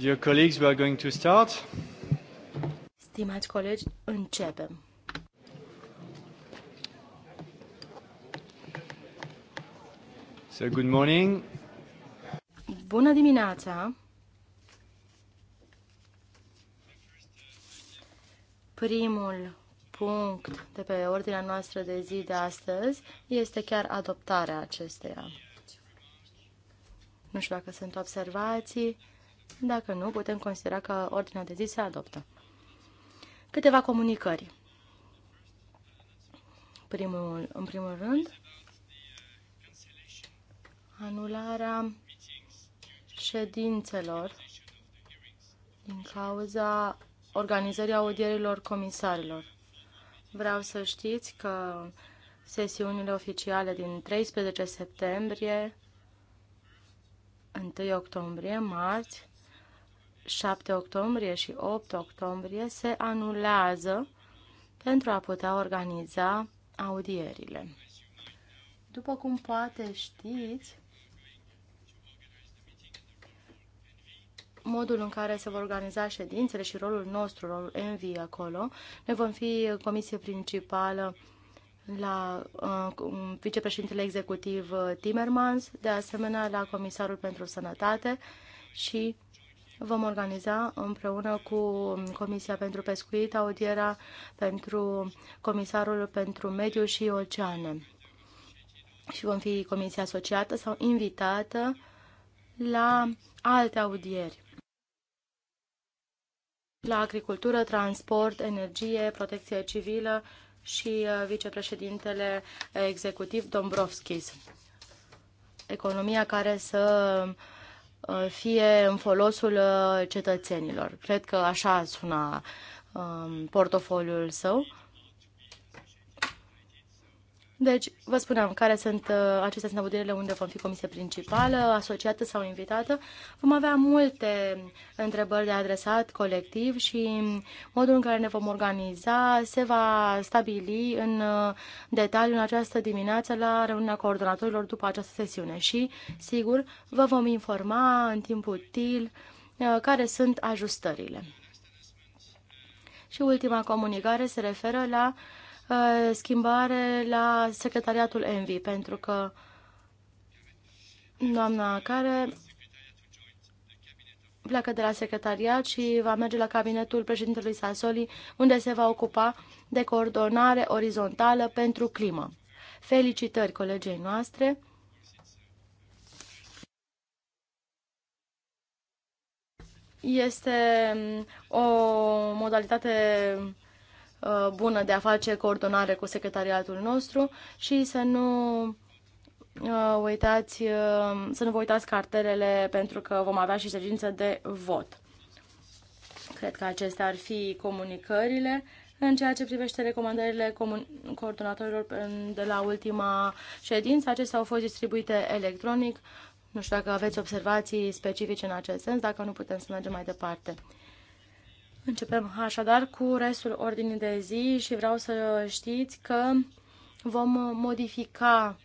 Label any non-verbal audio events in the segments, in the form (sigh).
Dear colleagues, we are going to start. Stimați colegi, începem. So, good morning. Bună dimineața. Primul punct de pe ordinea noastră de zi de astăzi este chiar adoptarea acesteia. Nu știu dacă sunt observații. Dacă nu, putem considera că ordinea de zi se adoptă. Câteva comunicări. Primul, în primul rând, anularea ședințelor din cauza organizării audierilor comisarilor. Vreau să știți că sesiunile oficiale din 13 septembrie, 1 octombrie, marți 7 octombrie și 8 octombrie se anulează pentru a putea organiza audierile. După cum poate știți, modul în care se vor organiza ședințele și rolul nostru, rolul Envy acolo. ne vom fi comisie principală la uh, vicepreședintele executiv uh, Timmermans, de asemenea la comisarul pentru sănătate și Vom organiza împreună cu Comisia pentru Pescuit audiera pentru Comisarul pentru Mediu și Oceane. Și vom fi comisia asociată sau invitată la alte audieri la agricultură, transport, energie, protecție civilă și uh, vicepreședintele executiv Dombrovskis. Economia care să Uh, fie în folosul uh, cetățenilor. Cred că așa suna um, portofoliul său. Deci, vă spuneam care sunt uh, acestea sunt audierile unde vom fi comisie principală, asociată sau invitată. Vom avea multe întrebări de adresat colectiv și modul în care ne vom organiza se va stabili în uh, detaliu în această dimineață la reuniunea coordonatorilor după această sesiune și, sigur, vă vom informa în timp util uh, care sunt ajustările. Și ultima comunicare se referă la uh, Uh, schimbare la secretariatul Envi, pentru că doamna care pleacă de la secretariat și va merge la cabinetul președintelui Sassoli, unde se va ocupa de coordonare orizontală pentru climă. Felicitări colegei noastre! Este um, o modalitate Uh, bună de a face coordonare cu secretariatul nostru și să nu uh, uitați, uh, să nu vă uitați cartelele pentru că vom avea și ședință de vot. Cred că acestea ar fi comunicările. În ceea ce privește recomandările coordonatorilor de la ultima ședință, acestea au fost distribuite electronic. Nu știu dacă aveți observații specifice în acest sens, dacă nu putem să mergem mai departe. Începem așadar cu restul ordinii de zi și vreau să știți că vom modifica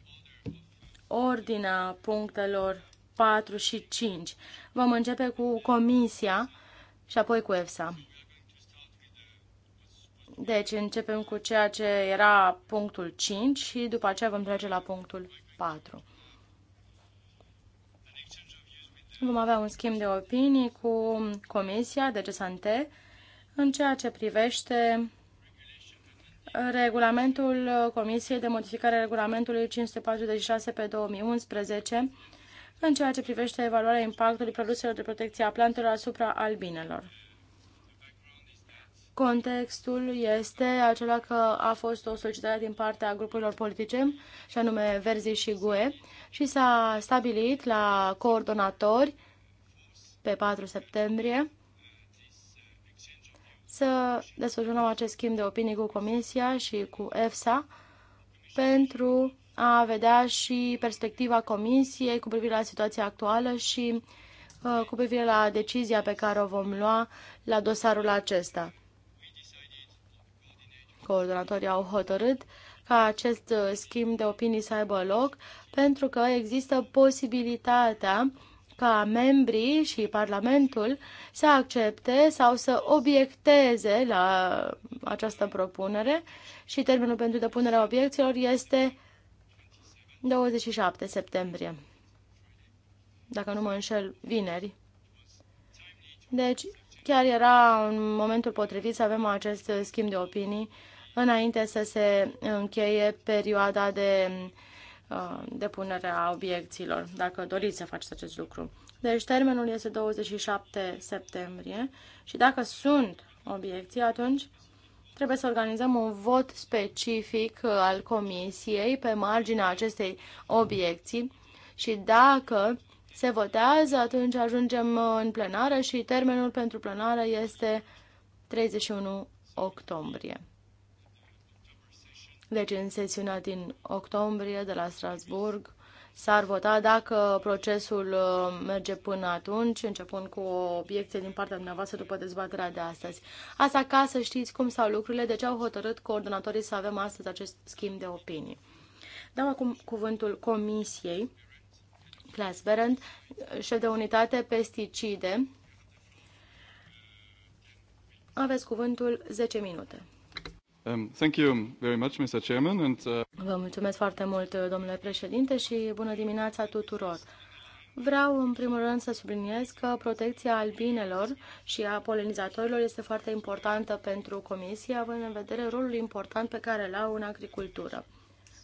ordinea punctelor 4 și 5. Vom începe cu comisia și apoi cu EFSA. Deci începem cu ceea ce era punctul 5 și după aceea vom trece la punctul 4. Vom avea un schimb de opinii cu Comisia de Gesante în ceea ce privește regulamentul Comisiei de modificare a regulamentului 546 pe 2011, în ceea ce privește evaluarea impactului produselor de protecție a plantelor asupra albinelor. Contextul este acela că a fost o solicitare din partea grupurilor politice, și anume Verzi și GUE, și s-a stabilit la coordonatori pe 4 septembrie să desfășurăm acest schimb de opinii cu Comisia și cu EFSA pentru a vedea și perspectiva Comisiei cu privire la situația actuală și uh, cu privire la decizia pe care o vom lua la dosarul acesta. Coordonatorii au hotărât ca acest uh, schimb de opinii să aibă loc pentru că există posibilitatea uh, ca membrii și Parlamentul să accepte sau să obiecteze la această propunere și termenul pentru depunerea obiecțiilor este 27 septembrie. Dacă nu mă înșel, vineri. Deci, chiar era în momentul potrivit să avem acest schimb de opinii înainte să se încheie perioada de Uh, depunerea obiecțiilor, dacă doriți să faceți acest lucru. Deci termenul este 27 septembrie și dacă sunt obiecții, atunci trebuie să organizăm un vot specific uh, al comisiei pe marginea acestei obiecții și dacă se votează, atunci ajungem uh, în plenară și termenul pentru plenară este 31 octombrie. Deci, în sesiunea din octombrie de la Strasburg s-ar vota dacă procesul uh, merge până atunci, începând cu o obiecție din partea dumneavoastră după dezbaterea de astăzi. Asta ca să știți cum stau lucrurile, de ce au hotărât coordonatorii să avem astăzi acest schimb de opinii. Dăm acum cuvântul Comisiei, Claes Berend, șef de unitate pesticide. Aveți cuvântul 10 minute. Um, thank you very much, Mr. Chairman, and, uh... Vă mulțumesc foarte mult, domnule președinte, și bună dimineața tuturor. Vreau, în primul rând, să subliniez că protecția albinelor și a polenizatorilor este foarte importantă pentru Comisie, având în vedere rolul important pe care îl au în agricultură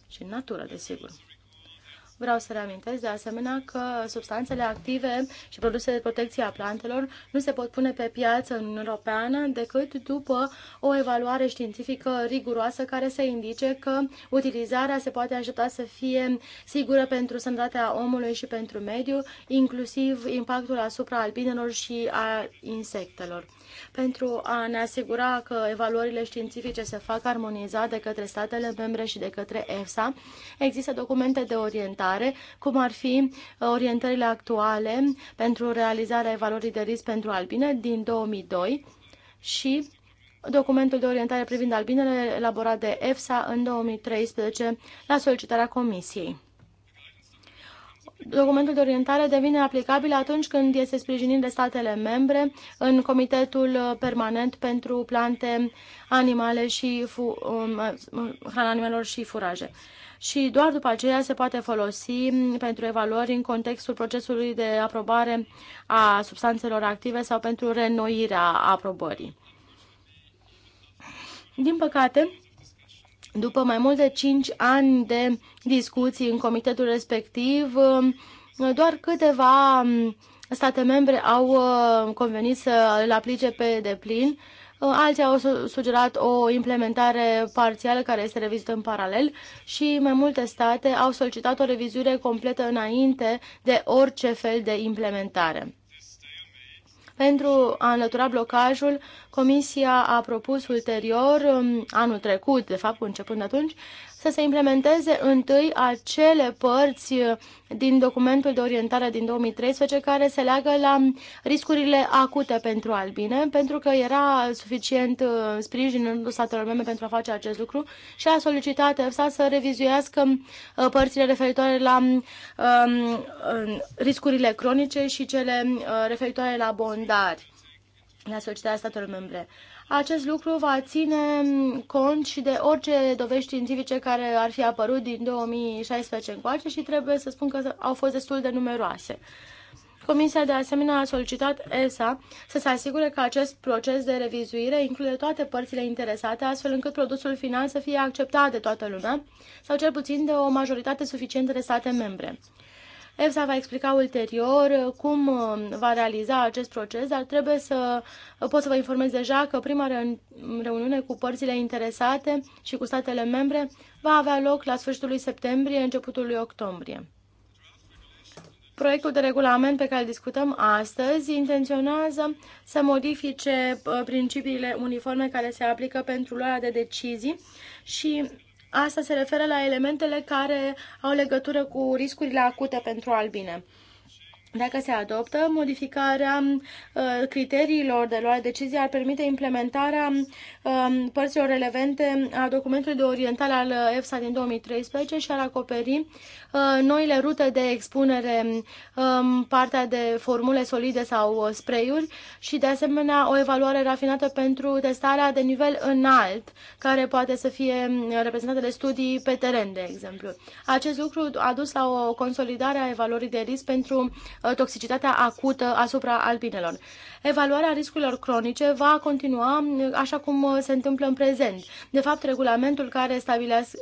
și în natură, desigur. Vreau să reamintesc de asemenea că substanțele active și produsele de protecție a plantelor nu se pot pune pe piață în Europeană decât după o evaluare științifică riguroasă care să indice că utilizarea se poate ajuta să fie sigură pentru sănătatea omului și pentru mediu, inclusiv impactul asupra albinelor și a insectelor. Pentru a ne asigura că evaluările științifice se fac armonizat de către statele membre și de către EFSA, există documente de orientare clare, cum ar fi uh, orientările actuale pentru realizarea evaluării de risc pentru albine din 2002 și documentul de orientare privind albinele elaborat de EFSA în 2013 la solicitarea Comisiei. Documentul de orientare devine aplicabil atunci când este sprijinit de statele membre în Comitetul uh, Permanent pentru Plante, Animale și Fu- um, uh, Hrana Animalelor și Furaje și doar după aceea se poate folosi pentru evaluări în contextul procesului de aprobare a substanțelor active sau pentru renoirea aprobării. Din păcate, după mai mult de 5 ani de discuții în comitetul respectiv, doar câteva state membre au uh, convenit să îl aplice pe deplin Uh, alții au sugerat o implementare parțială care este revizită în paralel și mai multe state au solicitat o revizuire completă înainte de orice fel de implementare. Pentru a înlătura blocajul, Comisia a propus ulterior, um, anul trecut, de fapt, începând atunci, să se implementeze întâi acele părți din documentul de orientare din 2013 care se leagă la riscurile acute pentru albine, pentru că era suficient uh, sprijin în statelor membre pentru a face acest lucru și a solicitat EFSA să revizuiască uh, părțile referitoare la um, riscurile cronice și cele uh, referitoare la bondari la societatea statelor membre. Acest lucru va ține cont și de orice dovești științifice care ar fi apărut din 2016 încoace și trebuie să spun că au fost destul de numeroase. Comisia de asemenea a solicitat ESA să se asigure că acest proces de revizuire include toate părțile interesate, astfel încât produsul final să fie acceptat de toată lumea, sau cel puțin de o majoritate suficientă de state membre. EFSA va explica ulterior uh, cum uh, va realiza acest proces, dar trebuie să uh, pot să vă informez deja că prima reuniune cu părțile interesate și cu statele membre va avea loc la sfârșitul lui septembrie, începutul lui octombrie. Proiectul de regulament pe care îl discutăm astăzi intenționează să modifice principiile uniforme care se aplică pentru luarea de decizii și Asta se referă la elementele care au legătură cu riscurile acute pentru albine. Dacă se adoptă, modificarea uh, criteriilor de luare decizie ar permite implementarea uh, Um, părților relevante a documentului de orientare al EFSA uh, din 2013 și ar acoperi uh, noile rute de expunere, um, partea de formule solide sau uh, spray-uri și de asemenea o evaluare rafinată pentru testarea de nivel înalt, care poate să fie um, reprezentată de studii pe teren, de exemplu. Acest lucru a dus la o consolidare a evaluării de risc pentru toxicitatea acută asupra alpinelor. Evaluarea riscurilor cronice va continua așa cum se întâmplă în prezent. De fapt, regulamentul care,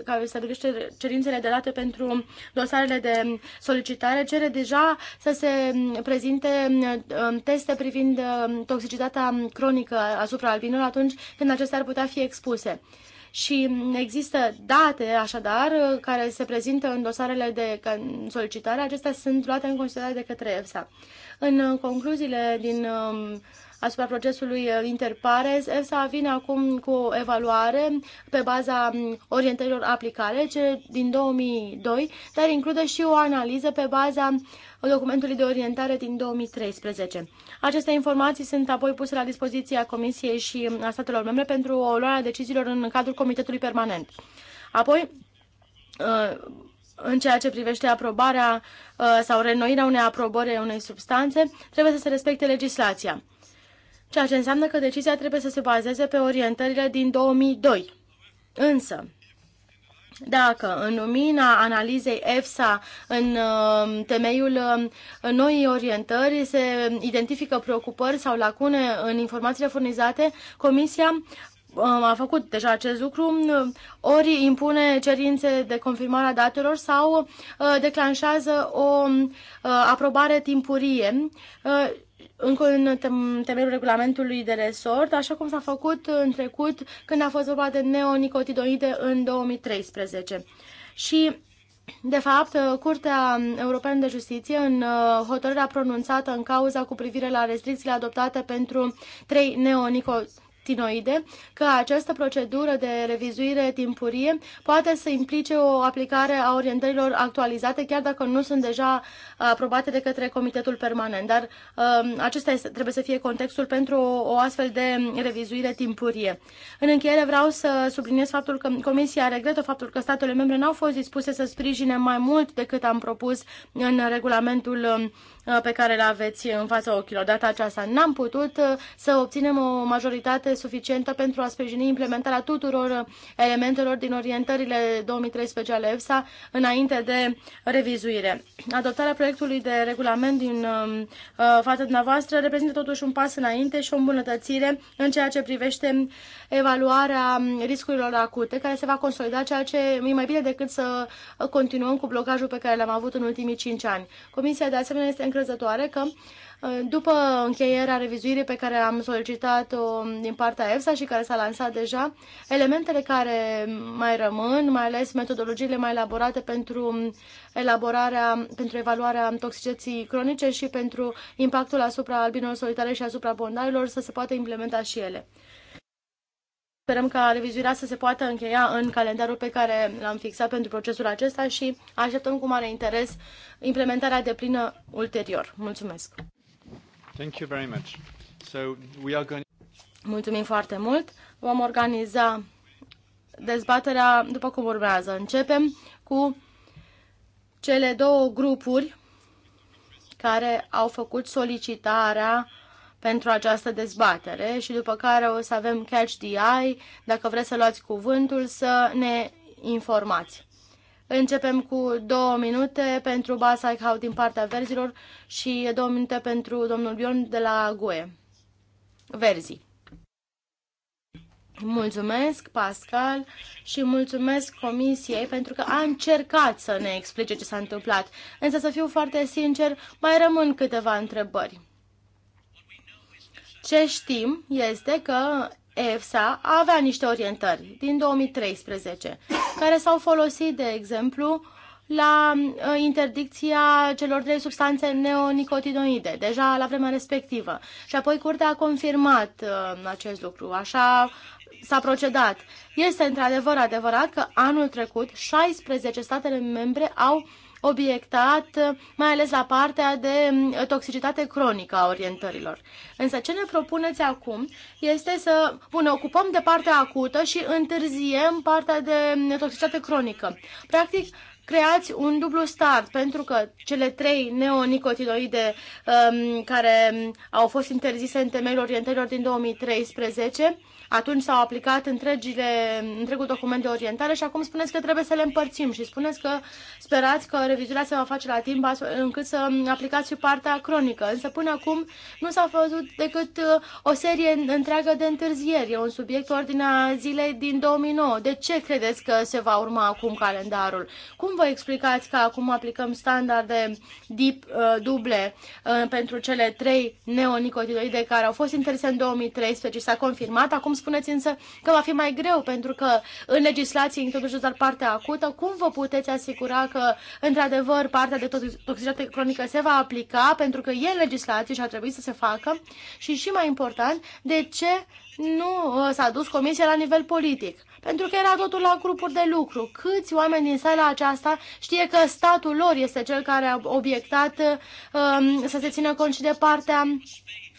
care stabilește cerințele de date pentru dosarele de solicitare cere deja să se prezinte um, teste privind um, toxicitatea cronică asupra albinului atunci când acestea ar putea fi expuse și există date, așadar, care se prezintă în dosarele de solicitare. Acestea sunt luate în considerare de către EFSA. În concluziile din um, asupra procesului uh, interpares. EFSA vine acum cu o evaluare pe baza um, orientărilor aplicare, cele din 2002, dar include și o analiză pe baza documentului de orientare din 2013. Aceste informații sunt apoi puse la dispoziția Comisiei și um, a statelor membre pentru o luare a deciziilor în cadrul Comitetului Permanent. Apoi, uh, în ceea ce privește aprobarea uh, sau renoirea unei aprobări unei substanțe, trebuie să se respecte legislația ceea ce înseamnă că decizia trebuie să se bazeze pe orientările din 2002. Însă, dacă în lumina analizei EFSA în uh, temeiul uh, noii orientări se identifică preocupări sau lacune în informațiile furnizate, Comisia uh, a făcut deja acest lucru, ori impune cerințe de confirmare a datelor sau declanșează o aprobare timpurie încă în temelul regulamentului de resort, așa cum s-a făcut în trecut când a fost vorba de neonicotidoide în 2013. Și de fapt, Curtea Europeană de Justiție, în uh, hotărârea pronunțată în cauza cu privire la restricțiile adoptate pentru trei neonicotidoide, retinoide că această procedură de revizuire timpurie poate să implice o aplicare a orientărilor actualizate, chiar dacă nu sunt deja uh, aprobate de către Comitetul Permanent. Dar um, acesta este, trebuie să fie contextul pentru o astfel de revizuire timpurie. În încheiere vreau să subliniez faptul că Comisia regretă faptul că statele membre n-au fost dispuse să sprijine mai mult decât am propus în regulamentul um, Uh, pe care le aveți în fața ochilor. Data aceasta n-am putut uh, să obținem o majoritate suficientă pentru a sprijini implementarea tuturor uh, elementelor din orientările 2013 ale EFSA înainte de revizuire. Adoptarea proiectului de regulament din um, fața dumneavoastră reprezintă totuși un pas înainte și o îmbunătățire în ceea ce privește evaluarea riscurilor acute, care se va consolida, ceea ce e mai bine decât să continuăm cu blocajul pe care l-am avut în ultimii cinci ani. Comisia, de asemenea, este încrezătoare că după încheierea revizuirii pe care am solicitat-o din partea EFSA și care s-a lansat deja, elementele care mai rămân, mai ales metodologiile mai elaborate pentru elaborarea, pentru evaluarea toxicității cronice și pentru impactul asupra albinelor solitare și asupra bondarilor, să se poată implementa și ele. Sperăm ca revizuirea să se poată încheia în calendarul pe care l-am fixat pentru procesul acesta și așteptăm cu mare interes implementarea de plină ulterior. Mulțumesc! Thank you very much. So we are going... Mulțumim foarte mult! Vom organiza dezbaterea după cum urmează. Începem cu cele două grupuri care au făcut solicitarea pentru această dezbatere și după care o să avem catch the eye, dacă vreți să luați cuvântul, să ne informați. Începem cu două minute pentru Basai Hau din partea verzilor și două minute pentru domnul Bion de la GUE. Verzi. Mulțumesc, Pascal, și mulțumesc Comisiei pentru că a încercat să ne explice ce s-a întâmplat. Însă, să fiu foarte sincer, mai rămân câteva întrebări. Ce știm este că EFSA avea niște orientări din 2013, care s-au folosit, de exemplu, la uh, interdicția celor trei substanțe neonicotinoide, deja la vremea respectivă. Și apoi curtea a confirmat uh, acest lucru. Așa s-a procedat. Este într-adevăr adevărat că anul trecut 16 statele membre au uh, obiectat, mai ales la partea de mm, toxicitate cronică a orientărilor. Însă ce ne propuneți acum este să bun, ne ocupăm de partea acută și întârziem partea de mm, toxicitate cronică. Practic, creați un dublu start, pentru că cele trei neonicotinoide um, care au fost interzise în temeiul orientărilor din 2013, atunci s-au aplicat întregile, întregul document de orientare și acum spuneți că trebuie să le împărțim și spuneți că sperați că revizuirea se va face la timp încât să aplicați și partea cronică. Însă până acum nu s-a făcut decât uh, o serie întreagă de întârzieri. E un subiect ordinea zilei din 2009. De ce credeți că se va urma acum calendarul? Cum vă explicați că acum aplicăm standarde dip, uh, duble uh, pentru cele trei neonicotinoide care au fost interese în 2013 și s-a confirmat? Acum spuneți însă că va fi mai greu pentru că în legislație introduceți doar partea acută. Cum vă puteți asigura că, într-adevăr, partea de toxicitate cronică se va aplica pentru că e în legislație și ar trebui să se facă? Și, și mai important, de ce nu uh, s-a dus comisia la nivel politic? pentru că era totul la grupuri de lucru. Câți oameni din sala aceasta știe că statul lor este cel care a obiectat um, să se țină cont și de partea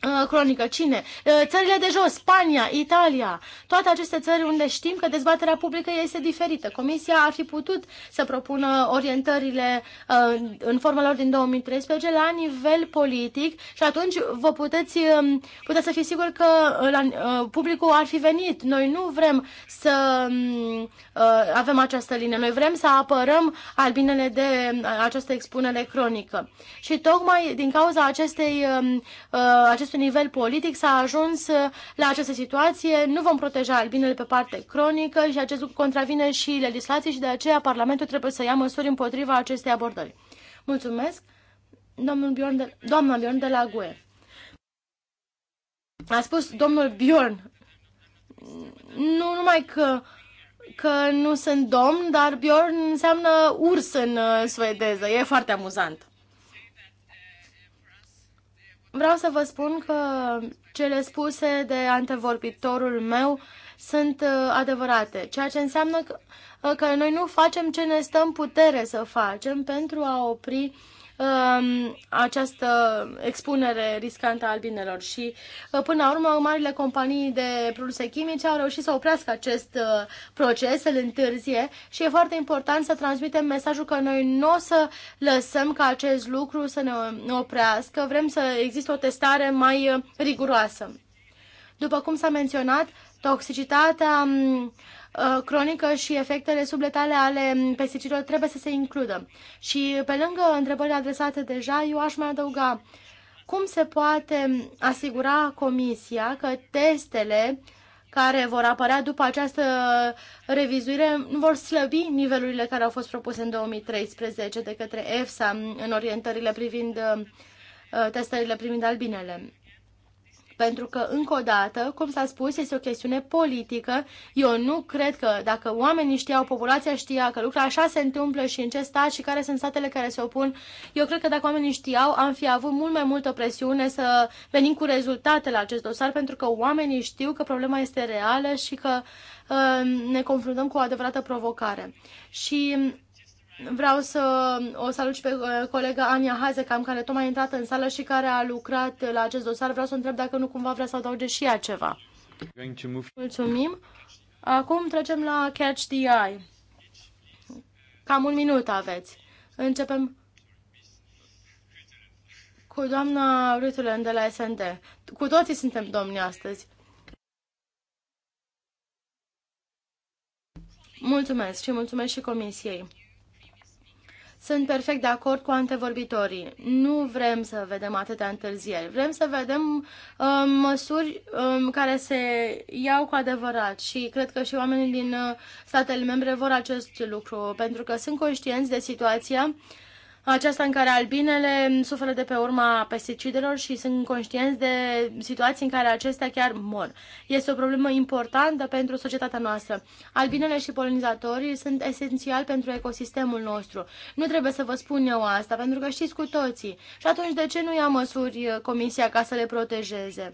Uh, cronică. Cine? Uh, țările de jos, Spania, Italia, toate aceste țări unde știm că dezbaterea publică este diferită. Comisia ar fi putut să propună orientările uh, în forma lor din 2013 la nivel politic și atunci vă puteți, um, puteți să fiți siguri că la, publicul ar fi venit. Noi nu vrem să um, avem această linie. Noi vrem să apărăm albinele de această expunere cronică. Și tocmai din cauza acestei um, acestui acestui nivel politic s-a ajuns uh, la această situație. Nu vom proteja albinele pe parte cronică și acest lucru contravine și legislației și de aceea Parlamentul trebuie să ia măsuri împotriva acestei abordări. Mulțumesc, domnul Bjorn de, doamna Bjorn de la GUE. A spus domnul Bjorn, nu numai că că nu sunt domn, dar Bjorn înseamnă urs în uh, suedeză. E foarte amuzant. Vreau să vă spun că cele spuse de antevorbitorul meu sunt uh, adevărate, ceea ce înseamnă că, că noi nu facem ce ne stăm putere să facem pentru a opri uh, um, această expunere riscantă a albinelor. Și uh, până la urmă, marile companii de produse chimice au reușit să oprească acest uh, proces, să-l întârzie și e foarte important să transmitem mesajul că noi nu o să lăsăm ca acest lucru să ne oprească, vrem să există o testare mai uh, riguroasă. După cum s-a menționat, toxicitatea um, Uh, cronică și efectele subletale ale pesticidelor trebuie să se includă. Și pe lângă întrebările adresate deja, eu aș mai adăuga cum se poate asigura Comisia că testele care vor apărea după această revizuire vor slăbi nivelurile care au fost propuse în 2013 de către EFSA în orientările privind uh, testările privind albinele. Pentru că, încă o dată, cum s-a spus, este o chestiune politică. Eu nu cred că dacă oamenii știau, populația știa că lucrurile așa se întâmplă și în ce stat și care sunt statele care se opun, eu cred că dacă oamenii știau, am fi avut mult mai multă presiune să venim cu la acest dosar, pentru că oamenii știu că problema este reală și că uh, ne confruntăm cu o adevărată provocare. Și Vreau să o salut și pe uh, colega Ania cam care tocmai a intrat în sală și care a lucrat la acest dosar. Vreau să întreb dacă nu cumva vrea să adauge și ea ceva. Mulțumim. Acum trecem la Catch the Eye. Cam un minut aveți. Începem cu doamna Rutulen de la SND. Cu toții suntem domni astăzi. Mulțumesc și mulțumesc și comisiei. Sunt perfect de acord cu antevorbitorii. Nu vrem să vedem atâtea întârzieri. Vrem să vedem uh, măsuri uh, care se iau cu adevărat și cred că și oamenii din uh, statele membre vor acest lucru pentru că sunt conștienți de situația uh, aceasta în care albinele suferă de pe urma pesticidelor și sunt conștienți de situații în care acestea chiar mor. Este o problemă importantă pentru societatea noastră. Albinele și polinizatorii sunt esențiali pentru ecosistemul nostru. Nu trebuie să vă spun eu asta, pentru că știți cu toții. Și atunci de ce nu ia măsuri Comisia ca să le protejeze?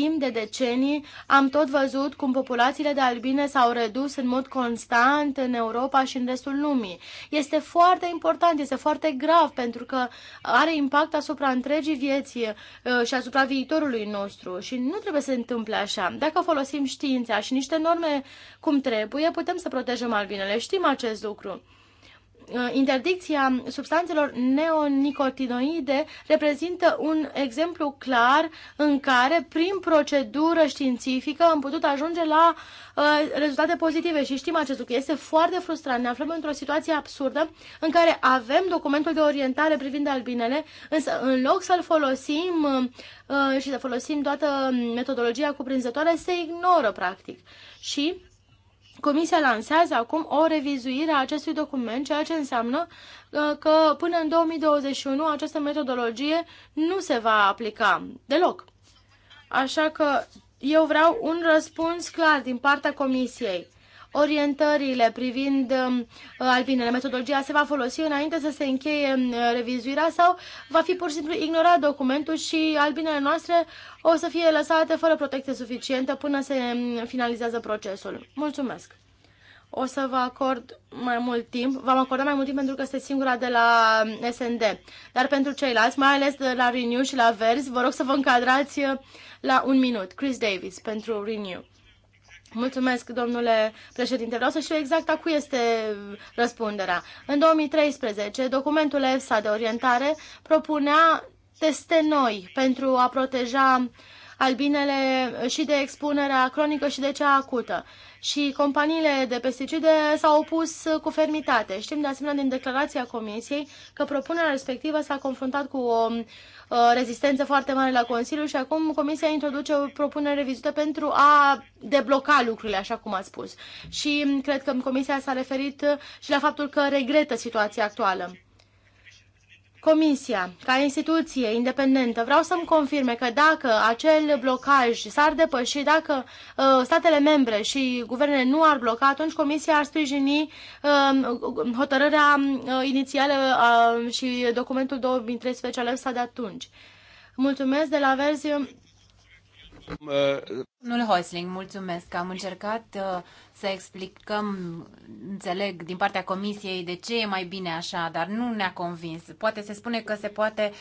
timp de decenii am tot văzut cum populațiile de albine s-au redus în mod constant în Europa și în restul lumii. Este foarte important, este foarte grav pentru că are impact asupra întregii vieții uh, și asupra viitorului nostru și nu trebuie să se întâmple așa. Dacă folosim știința și niște norme cum trebuie, putem să protejăm albinele. Știm acest lucru. Uh, interdicția substanțelor neonicotinoide reprezintă un exemplu clar în care, prin procedură științifică, am putut ajunge la uh, rezultate pozitive și știm acest lucru. Este foarte frustrant. Ne aflăm într-o situație absurdă în care avem documentul de orientare privind albinele, însă în loc să-l folosim uh, uh și să folosim toată metodologia cuprinzătoare, se ignoră practic. Și Comisia lansează acum o revizuire a acestui document, ceea ce înseamnă uh, că până în 2021 această metodologie nu se va aplica deloc. Așa că eu vreau un răspuns clar din partea Comisiei orientările privind um, albinele. Metodologia se va folosi înainte să se încheie um, revizuirea sau va fi pur și simplu ignorat documentul și albinele noastre o să fie lăsate fără protecție suficientă până se um, finalizează procesul. Mulțumesc! O să vă acord mai mult timp. V-am acordat mai mult timp pentru că este singura de la SND. Dar pentru ceilalți, mai ales de la Renew și la Verzi, vă rog să vă încadrați uh, la un minut. Chris Davis pentru Renew. Mulțumesc, domnule președinte. Vreau să știu exact a cui este răspunderea. În 2013, documentul EFSA de orientare propunea teste noi pentru a proteja albinele și de expunerea cronică și de cea acută. Și companiile de pesticide s-au opus cu fermitate. Știm de asemenea din declarația Comisiei că propunerea respectivă s-a confruntat cu o Uh, rezistență foarte mare la Consiliu și acum Comisia introduce o propunere revizuită pentru a debloca lucrurile, așa cum a spus. Și cred că Comisia s-a referit și la faptul că regretă situația actuală. Comisia, ca instituție independentă, vreau să-mi confirme că dacă acel blocaj s-ar depăși, dacă uh, statele membre și guvernele nu ar bloca, atunci Comisia ar sprijini uh, hotărârea uh, inițială uh, și documentul 2013 al ăsta de atunci. Mulțumesc de la verzi. Domnul Hoisling, mulțumesc că am încercat uh, să explicăm, înțeleg, din partea comisiei de ce e mai bine așa, dar nu ne-a convins. Poate se spune că se poate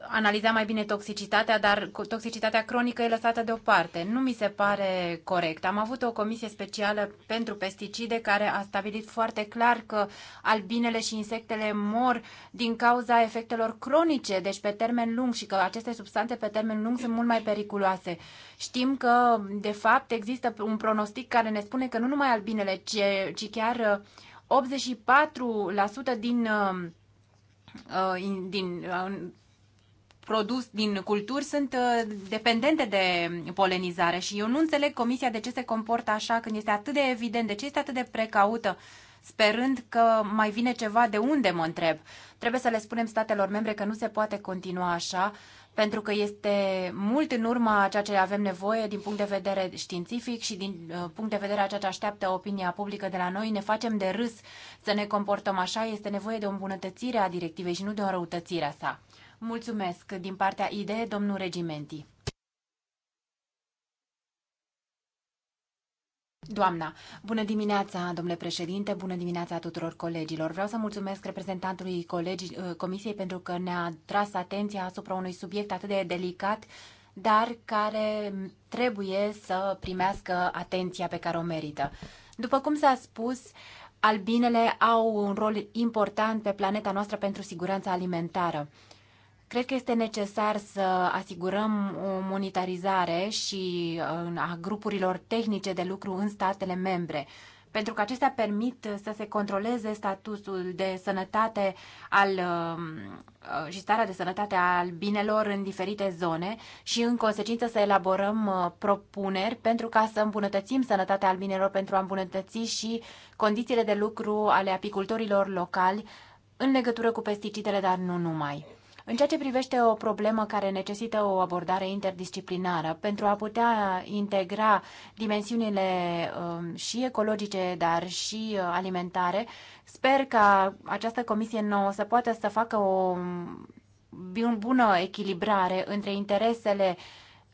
analiza mai bine toxicitatea, dar toxicitatea cronică e lăsată deoparte. Nu mi se pare corect. Am avut o comisie specială pentru pesticide care a stabilit foarte clar că albinele și insectele mor din cauza efectelor cronice, deci pe termen lung și că aceste substanțe pe termen lung sunt mult mai periculoase. Știm că, de fapt, există un pronostic care ne spune că nu numai albinele, ci, ci chiar 84% uh, din uh, uh, din produs, din culturi sunt uh, dependente de polenizare și eu nu înțeleg comisia de ce se comportă așa când este atât de evident, de ce este atât de precaută sperând că mai vine ceva de unde, mă întreb. Trebuie să le spunem statelor membre că nu se poate continua așa, pentru că este mult în urma a ceea ce avem nevoie din punct de vedere științific și din uh, punct de vedere a ceea ce așteaptă opinia publică de la noi. Ne facem de râs să ne comportăm așa, este nevoie de o îmbunătățire a directivei și nu de o răutățire a sa. Mulțumesc din partea IDE, domnul Regimenti. Doamna, bună dimineața, domnule președinte, bună dimineața tuturor colegilor. Vreau să mulțumesc reprezentantului colegi, uh, Comisiei pentru că ne-a tras atenția asupra unui subiect atât de delicat, dar care trebuie să primească atenția pe care o merită. După cum s-a spus, albinele au un rol important pe planeta noastră pentru siguranța alimentară. Cred că este necesar să asigurăm o monitorizare și a grupurilor tehnice de lucru în statele membre, pentru că acestea permit să se controleze statusul de sănătate al, um, uh, și starea de sănătate al binelor în diferite zone și, în consecință, să elaborăm uh, propuneri pentru ca să îmbunătățim sănătatea albinelor, pentru a îmbunătăți și condițiile de lucru ale apicultorilor locali în legătură cu pesticidele, dar nu numai. În ceea ce privește o problemă care necesită o abordare interdisciplinară pentru a putea integra dimensiunile um, și ecologice, dar și uh, alimentare, sper că această comisie nouă să poată să facă o bună echilibrare între interesele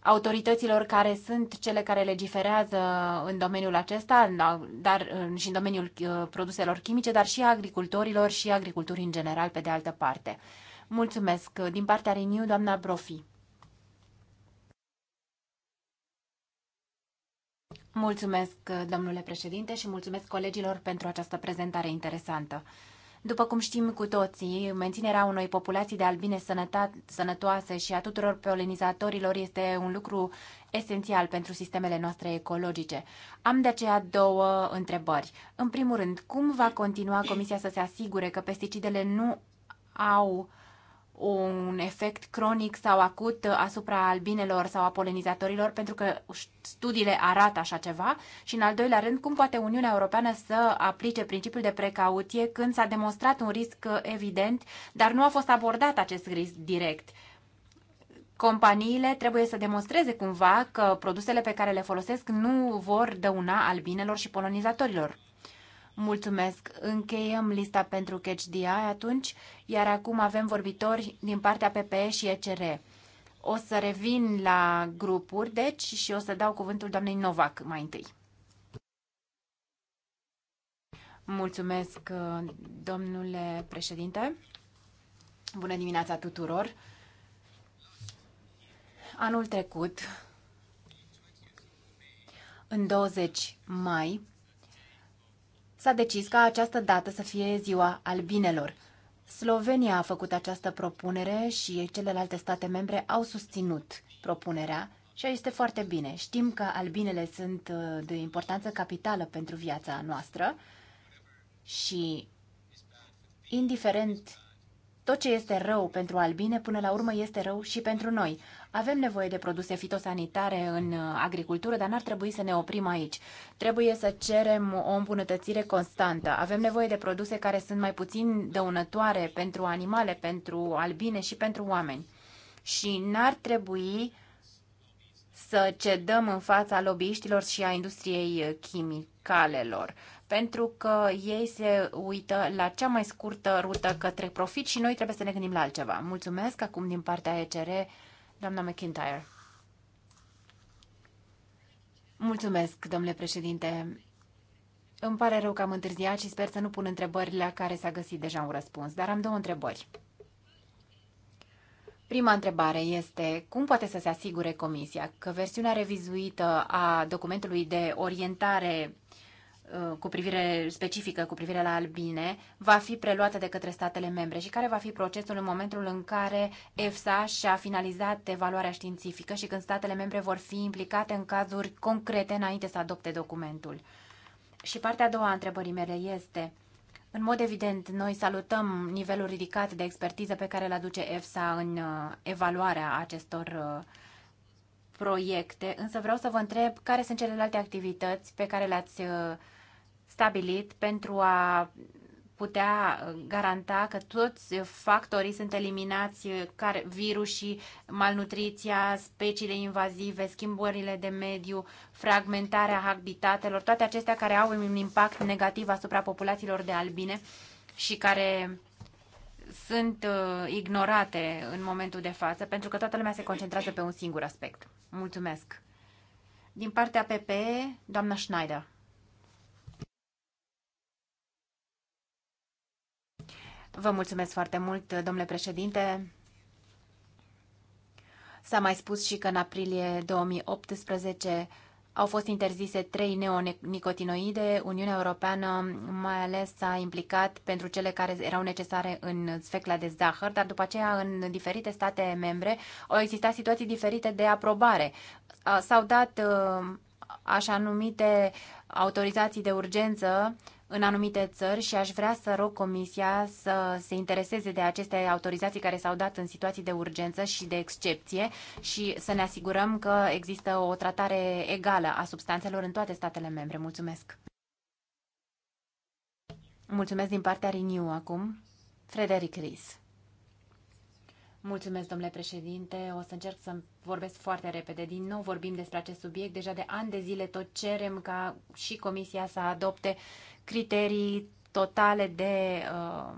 autorităților care sunt cele care legiferează în domeniul acesta, da, dar uh, și în domeniul uh, produselor chimice, dar și a agricultorilor și agriculturii în general, pe de altă parte. Mulțumesc. Din partea Reniu, doamna Brofi. Mulțumesc, domnule președinte, și mulțumesc colegilor pentru această prezentare interesantă. După cum știm cu toții, menținerea unei populații de albine sănătoase și a tuturor polinizatorilor este un lucru esențial pentru sistemele noastre ecologice. Am de aceea două întrebări. În primul rând, cum va continua Comisia să se asigure că pesticidele nu au uh, un efect cronic sau acut asupra albinelor sau a polenizatorilor, pentru că studiile arată așa ceva și, în al doilea rând, cum poate Uniunea Europeană să aplice principiul de precauție când s-a demonstrat un risc evident, dar nu a fost abordat acest risc direct. Companiile trebuie să demonstreze cumva că produsele pe care le folosesc nu vor dăuna albinelor și polonizatorilor. Mulțumesc. Încheiem lista pentru Catch DI atunci, iar acum avem vorbitori din partea PPE și ECR. O să revin la grupuri, deci, și o să dau cuvântul doamnei Novac mai întâi. Mulțumesc, domnule președinte. Bună dimineața tuturor. Anul trecut, în 20 mai, s-a decis ca această dată să fie ziua albinelor. Slovenia a făcut această propunere și celelalte state membre au susținut propunerea și este foarte bine. Știm că albinele sunt uh, de importanță capitală pentru viața noastră și indiferent tot ce este rău pentru albine, până la urmă este rău și pentru noi. Avem nevoie de produse fitosanitare în uh, agricultură, dar n-ar trebui să ne oprim aici. Trebuie să cerem o îmbunătățire constantă. Avem nevoie de produse care sunt mai puțin dăunătoare pentru animale, pentru albine și pentru oameni. Și n-ar trebui să cedăm în fața lobbyiștilor și a industriei chimicalelor, pentru că ei se uită la cea mai scurtă rută către profit și noi trebuie să ne gândim la altceva. Mulțumesc acum din partea ECR Doamna McIntyre. Mulțumesc, domnule președinte. Îmi pare rău că am întârziat și sper să nu pun întrebări la care s-a găsit deja un răspuns, dar am două întrebări. Prima întrebare este cum poate să se asigure Comisia că versiunea revizuită a documentului de orientare uh, Uh, cu privire specifică cu privire la albine va fi preluată de către statele membre și care va fi procesul în momentul în care EFSA și-a finalizat evaluarea științifică și când statele membre vor fi implicate în cazuri concrete înainte să adopte documentul. Și partea a doua a întrebării mele este, în mod evident, noi salutăm nivelul ridicat de expertiză pe care îl aduce EFSA în uh, evaluarea acestor uh, proiecte, însă vreau să vă întreb care sunt celelalte activități pe care le-ați stabilit pentru a putea garanta că toți factorii sunt eliminați, care, virusii, malnutriția, speciile invazive, schimbările de mediu, fragmentarea habitatelor, toate acestea care au un impact negativ asupra populațiilor de albine și care sunt uh, ignorate în momentul de față, pentru că toată lumea se concentrează pe un singur aspect. Mulțumesc! Din partea PP, doamna Schneider. Vă mulțumesc foarte mult, domnule președinte. S-a mai spus și că în aprilie 2018 au fost interzise trei neonicotinoide. Uniunea Europeană mai ales s-a implicat pentru cele care erau necesare în sfecla de zahăr, dar după aceea în diferite state membre au existat situații diferite de aprobare. S-au dat uh, așa numite autorizații de urgență în anumite țări și aș vrea să rog Comisia să se intereseze de aceste autorizații care s-au dat în situații de urgență și de excepție și să ne asigurăm că există o tratare egală a substanțelor în toate statele membre. Mulțumesc! Mulțumesc din partea Renew acum. Frederic Ries. Mulțumesc, domnule președinte. O să încerc să vorbesc foarte repede. Din nou vorbim despre acest subiect. Deja de ani de zile tot cerem ca și Comisia să adopte criterii totale de uh,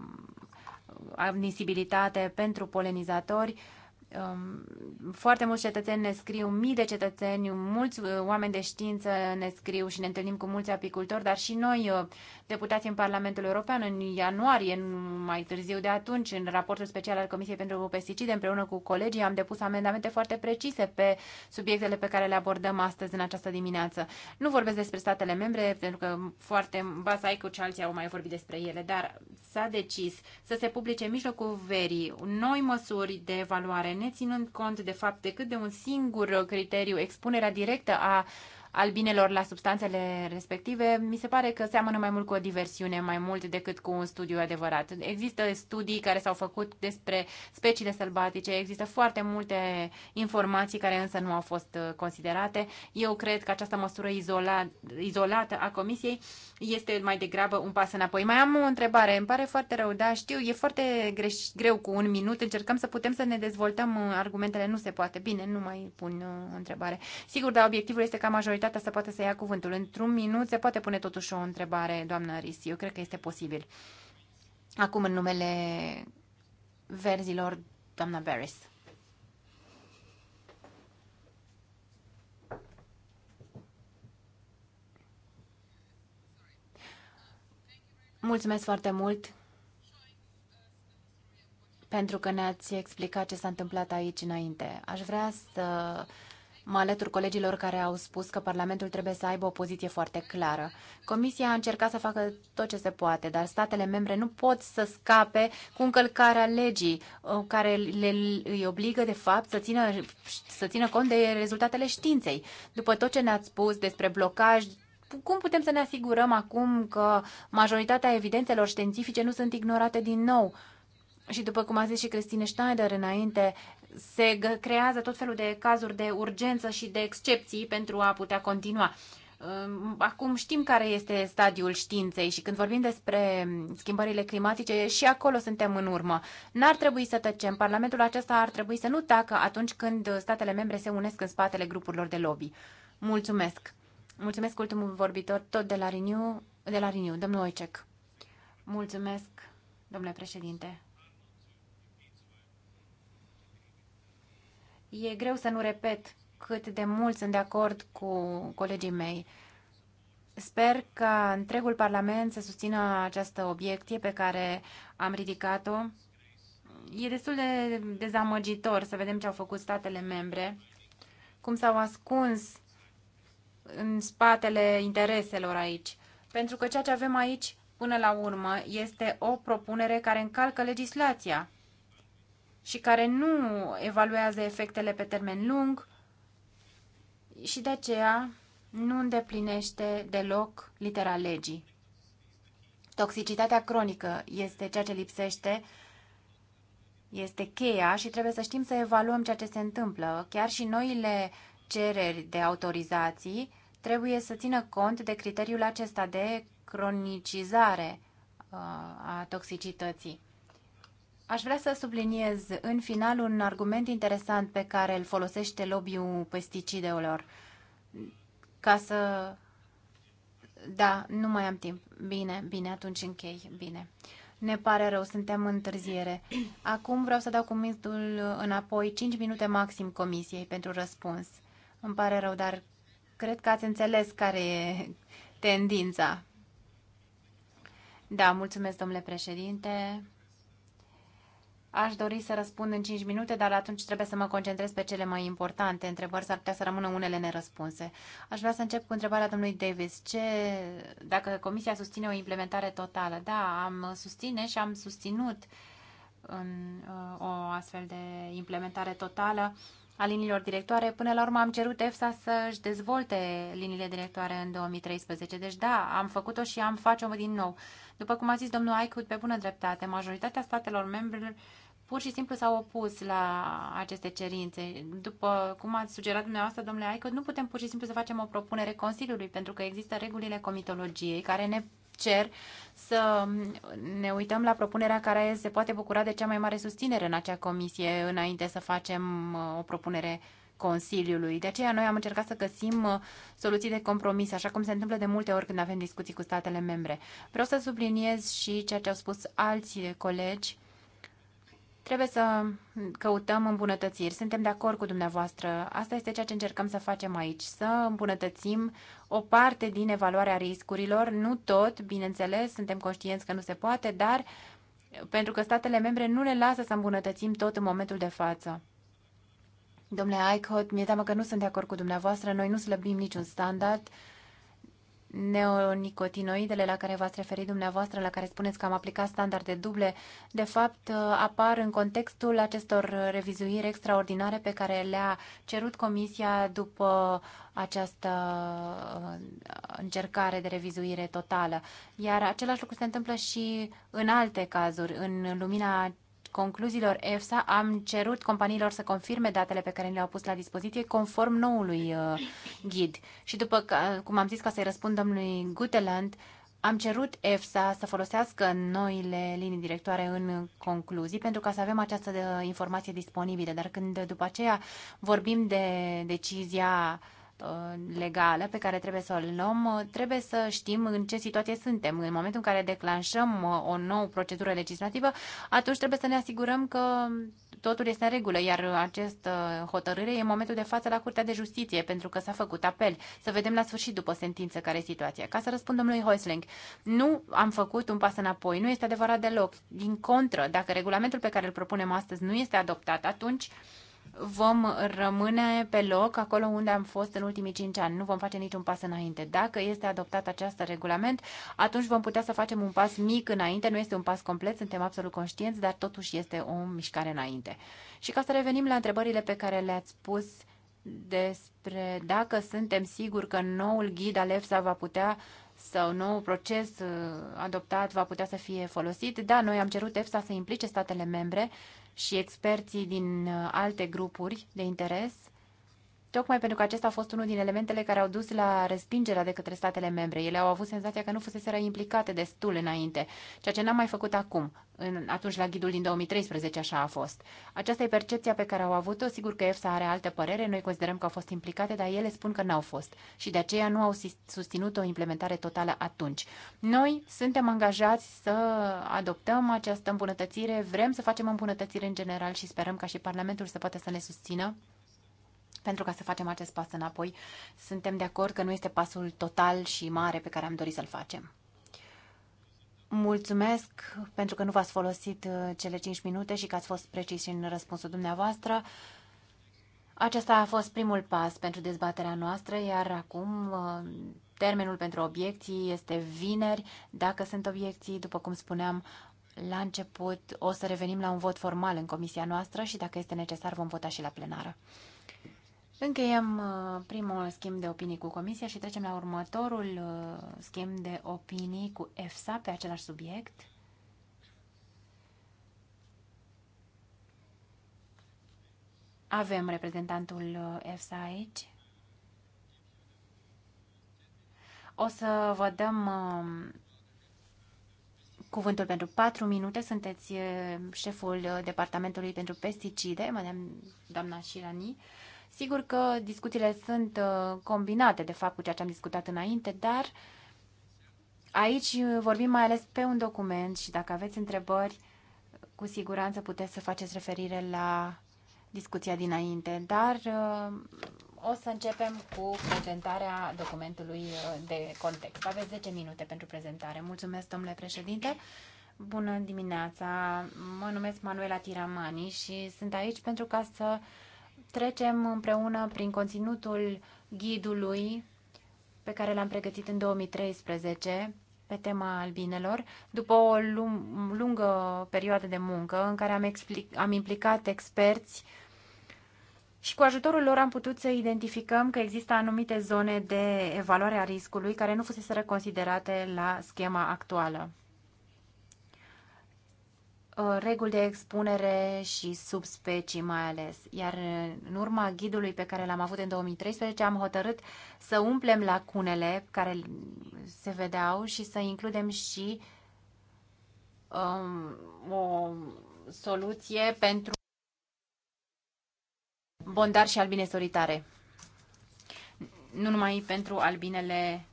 admisibilitate pentru polenizatori. Um, foarte mulți cetățeni ne scriu, mii de cetățeni, mulți uh, oameni de știință ne scriu și ne întâlnim cu mulți apicultori, dar și noi uh, deputați în Parlamentul European în ianuarie, în mai târziu de atunci, în raportul special al Comisiei pentru Pesticide, împreună cu colegii, am depus amendamente foarte precise pe subiectele pe care le abordăm astăzi în această dimineață. Nu vorbesc despre statele membre, pentru că foarte basai cu cealții au mai vorbit despre ele, dar s-a decis să se publice în mijlocul verii noi măsuri de evaluare, neținând cont de fapt decât de un singur criteriu, expunerea directă a uh, albinelor la substanțele respective, mi se pare că seamănă mai mult cu o diversiune, mai mult decât cu un studiu adevărat. Există studii care s-au făcut despre speciile sălbatice, există foarte multe informații care însă nu au fost uh, considerate. Eu cred că această măsură izolat, izolată a Comisiei este mai degrabă un pas înapoi. Mai am o întrebare, îmi pare foarte rău, da, știu, e foarte greș, greu cu un minut, încercăm să putem să ne dezvoltăm uh, argumentele, nu se poate. Bine, nu mai pun uh, întrebare. Sigur, dar obiectivul este ca majoritatea invitata să poată să ia cuvântul. Într-un minut se poate pune totuși o întrebare, doamnă Risi. Eu cred că este posibil. Acum, în numele verzilor, doamna Barris. Mulțumesc foarte mult pentru că ne-ați explicat ce s-a întâmplat aici înainte. Aș vrea să Mă alătur colegilor care au spus că Parlamentul trebuie să aibă o poziție foarte clară. Comisia a încercat să facă tot ce se poate, dar statele membre nu pot să scape cu încălcarea legii uh, care le, îi obligă, de fapt, să țină, să țină cont de rezultatele științei. După tot ce ne-ați spus despre blocaj, cum putem să ne asigurăm acum că majoritatea evidențelor științifice nu sunt ignorate din nou? Și după cum a zis și Cristine Schneider înainte, se creează tot felul de cazuri de urgență și de excepții pentru a putea continua. Acum știm care este stadiul științei și când vorbim despre schimbările climatice, și acolo suntem în urmă. N-ar trebui să tăcem. Parlamentul acesta ar trebui să nu tacă atunci când statele membre se unesc în spatele grupurilor de lobby. Mulțumesc! Mulțumesc ultimul vorbitor, tot de la Riniu, de la Riniu, domnul Oicec. Mulțumesc, domnule președinte. E greu să nu repet cât de mult sunt de acord cu colegii mei. Sper că întregul Parlament să susțină această obiecție pe care am ridicat-o. E destul de dezamăgitor să vedem ce au făcut statele membre, cum s-au ascuns în spatele intereselor aici. Pentru că ceea ce avem aici, până la urmă, este o propunere care încalcă legislația și care nu evaluează efectele pe termen lung și de aceea nu îndeplinește deloc litera legii. Toxicitatea cronică este ceea ce lipsește, este cheia și trebuie să știm să evaluăm ceea ce se întâmplă. Chiar și noile cereri de autorizații trebuie să țină cont de criteriul acesta de cronicizare uh, a toxicității. Aș vrea să subliniez în final un argument interesant pe care îl folosește lobby-ul pesticidelor. Ca să... Da, nu mai am timp. Bine, bine, atunci închei. Bine. Ne pare rău, suntem în întârziere. Acum vreau să dau cuvântul înapoi 5 minute maxim comisiei pentru răspuns. Îmi pare rău, dar cred că ați înțeles care e tendința. Da, mulțumesc, domnule președinte. Aș dori să răspund în 5 minute, dar atunci trebuie să mă concentrez pe cele mai importante întrebări, s-ar putea să rămână unele nerăspunse. Aș vrea să încep cu întrebarea domnului Davis. Ce, dacă Comisia susține o implementare totală? Da, am susține și am susținut în uh, o astfel de implementare totală a liniilor directoare. Până la urmă am cerut EFSA să-și dezvolte liniile directoare în 2013. Deci da, am făcut-o și am face-o din nou. După cum a zis domnul Aicut, pe bună dreptate, majoritatea statelor membre pur și simplu s-au opus la aceste cerințe. După cum ați sugerat dumneavoastră, domnule Aicot, nu putem pur și simplu să facem o propunere Consiliului, pentru că există regulile comitologiei care ne cer să ne uităm la propunerea care se poate bucura de cea mai mare susținere în acea comisie înainte să facem uh, o propunere Consiliului. De aceea noi am încercat să găsim uh, soluții de compromis, așa cum se întâmplă de multe ori când avem discuții cu statele membre. Vreau să subliniez și ceea ce au spus alții colegi Trebuie să căutăm îmbunătățiri. Suntem de acord cu dumneavoastră. Asta este ceea ce încercăm să facem aici, să îmbunătățim o parte din evaluarea riscurilor. Nu tot, bineînțeles, suntem conștienți că nu se poate, dar pentru că statele membre nu ne lasă să îmbunătățim tot în momentul de față. Domnule Eichhoff, mi-e teamă că nu sunt de acord cu dumneavoastră. Noi nu slăbim niciun standard. Uh, neonicotinoidele la care v-ați referit dumneavoastră, la care spuneți că am aplicat standarde duble, de fapt apar în contextul acestor revizuiri extraordinare pe care le-a cerut Comisia după această uh, încercare de revizuire totală. Iar același lucru se întâmplă și în alte cazuri, în lumina concluziilor EFSA am cerut companiilor să confirme datele pe care le-au pus la dispoziție conform noului uh, ghid. Și după, cum am zis, ca să-i răspund domnului Guteland, am cerut EFSA să folosească noile linii directoare în concluzii pentru ca să avem această uh, informație disponibilă. Dar când după aceea vorbim de decizia uh, Uh, legală pe care trebuie să o luăm, uh, trebuie să știm în ce situație suntem. În momentul în care declanșăm uh, o nouă procedură legislativă, atunci trebuie să ne asigurăm că totul este în regulă, iar această hotărâre e în momentul de față la Curtea de Justiție, pentru că s-a făcut apel. Să vedem la sfârșit după sentință care e situația. Ca să răspundem lui Hoisling, nu am făcut un pas înapoi, nu este adevărat deloc. Din contră, dacă regulamentul pe care îl propunem astăzi nu este adoptat, atunci vom rămâne pe loc acolo unde am fost în ultimii cinci ani. Nu vom face niciun pas înainte. Dacă este adoptat acest regulament, atunci vom putea să facem un pas mic înainte. Nu este un pas complet, suntem absolut conștienți, dar totuși este o mișcare înainte. Și ca să revenim la întrebările pe care le-ați pus despre dacă suntem siguri că noul ghid al EFSA va putea sau nou proces uh, adoptat va putea să fie folosit. Da, noi am cerut EFSA să implice statele membre și experții din uh, alte grupuri de interes tocmai pentru că acesta a fost unul din elementele care au dus la respingerea de către statele membre. Ele au avut senzația că nu fusese implicate destul înainte, ceea ce n-am mai făcut acum. În, atunci la ghidul din 2013 așa a fost. Aceasta e percepția pe care au avut-o. Sigur că EFSA are altă părere, noi considerăm că au fost implicate, dar ele spun că n-au fost și de aceea nu au susținut o implementare totală atunci. Noi suntem angajați să adoptăm această îmbunătățire, vrem să facem îmbunătățire în general și sperăm ca și Parlamentul să poată să ne susțină pentru ca să facem acest pas înapoi. Suntem de acord că nu este pasul total și mare pe care am dorit să-l facem. Mulțumesc pentru că nu v-ați folosit uh, cele 5 minute și că ați fost precis în răspunsul dumneavoastră. Acesta a fost primul pas pentru dezbaterea noastră, iar acum uh, termenul pentru obiecții este vineri. Dacă sunt obiecții, după cum spuneam, la început o să revenim la un vot formal în comisia noastră și dacă este necesar vom vota și la plenară. Încheiem uh, primul schimb de opinii cu Comisia și trecem la următorul uh, schimb de opinii cu EFSA pe același subiect. Avem reprezentantul uh, EFSA aici. O să vă dăm um, cuvântul pentru 4 minute. Sunteți șeful departamentului pentru pesticide, madame, doamna Shirani. Sigur că discuțiile sunt uh, combinate, de fapt, cu ceea ce am discutat înainte, dar aici vorbim mai ales pe un document și dacă aveți întrebări, cu siguranță puteți să faceți referire la discuția dinainte, dar uh, o să începem cu prezentarea documentului uh, de context. Aveți 10 minute pentru prezentare. Mulțumesc, domnule președinte. Bună dimineața! Mă numesc Manuela Tiramani și sunt aici pentru ca să uh, trecem împreună prin conținutul ghidului pe care l-am pregătit în 2013 pe tema albinelor, după o lungă perioadă de muncă în care am, explic, am implicat experți și cu ajutorul lor am putut să identificăm că există anumite zone de evaluare a riscului care nu fusese considerate la schema actuală. Uh, reguli de expunere și subspecii mai ales. Iar în urma ghidului pe care l-am avut în 2013 am hotărât să umplem lacunele care se vedeau și să includem și um, o soluție pentru bondar și albine solitare. Nu numai pentru albinele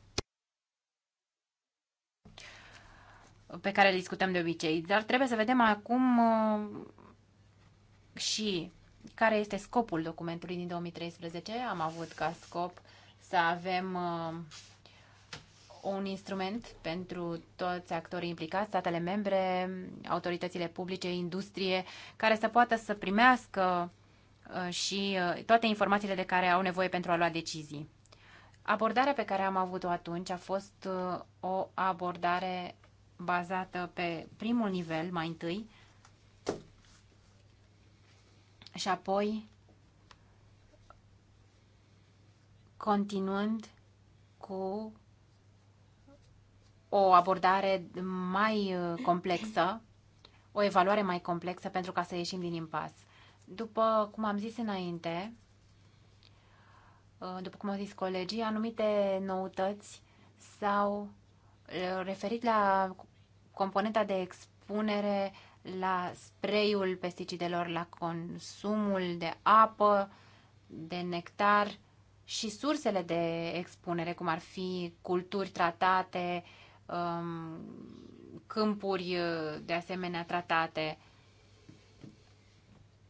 pe care le discutăm de obicei. Dar trebuie să vedem acum uh, și care este scopul documentului din 2013. Am avut ca scop să avem uh, un instrument pentru toți actorii implicați, statele membre, autoritățile publice, industrie, care să poată să primească uh, și toate informațiile de care au nevoie pentru a lua decizii. Abordarea pe care am avut-o atunci a fost o abordare bazată pe primul nivel mai întâi și apoi continuând cu o abordare mai uh, complexă, o evaluare mai complexă pentru ca să ieșim din impas. După cum am zis înainte, uh, după cum au zis colegii, anumite noutăți s-au uh, referit la componenta de expunere la spreiul pesticidelor, la consumul de apă, de nectar și sursele de expunere, cum ar fi culturi tratate, um, câmpuri uh, de asemenea tratate.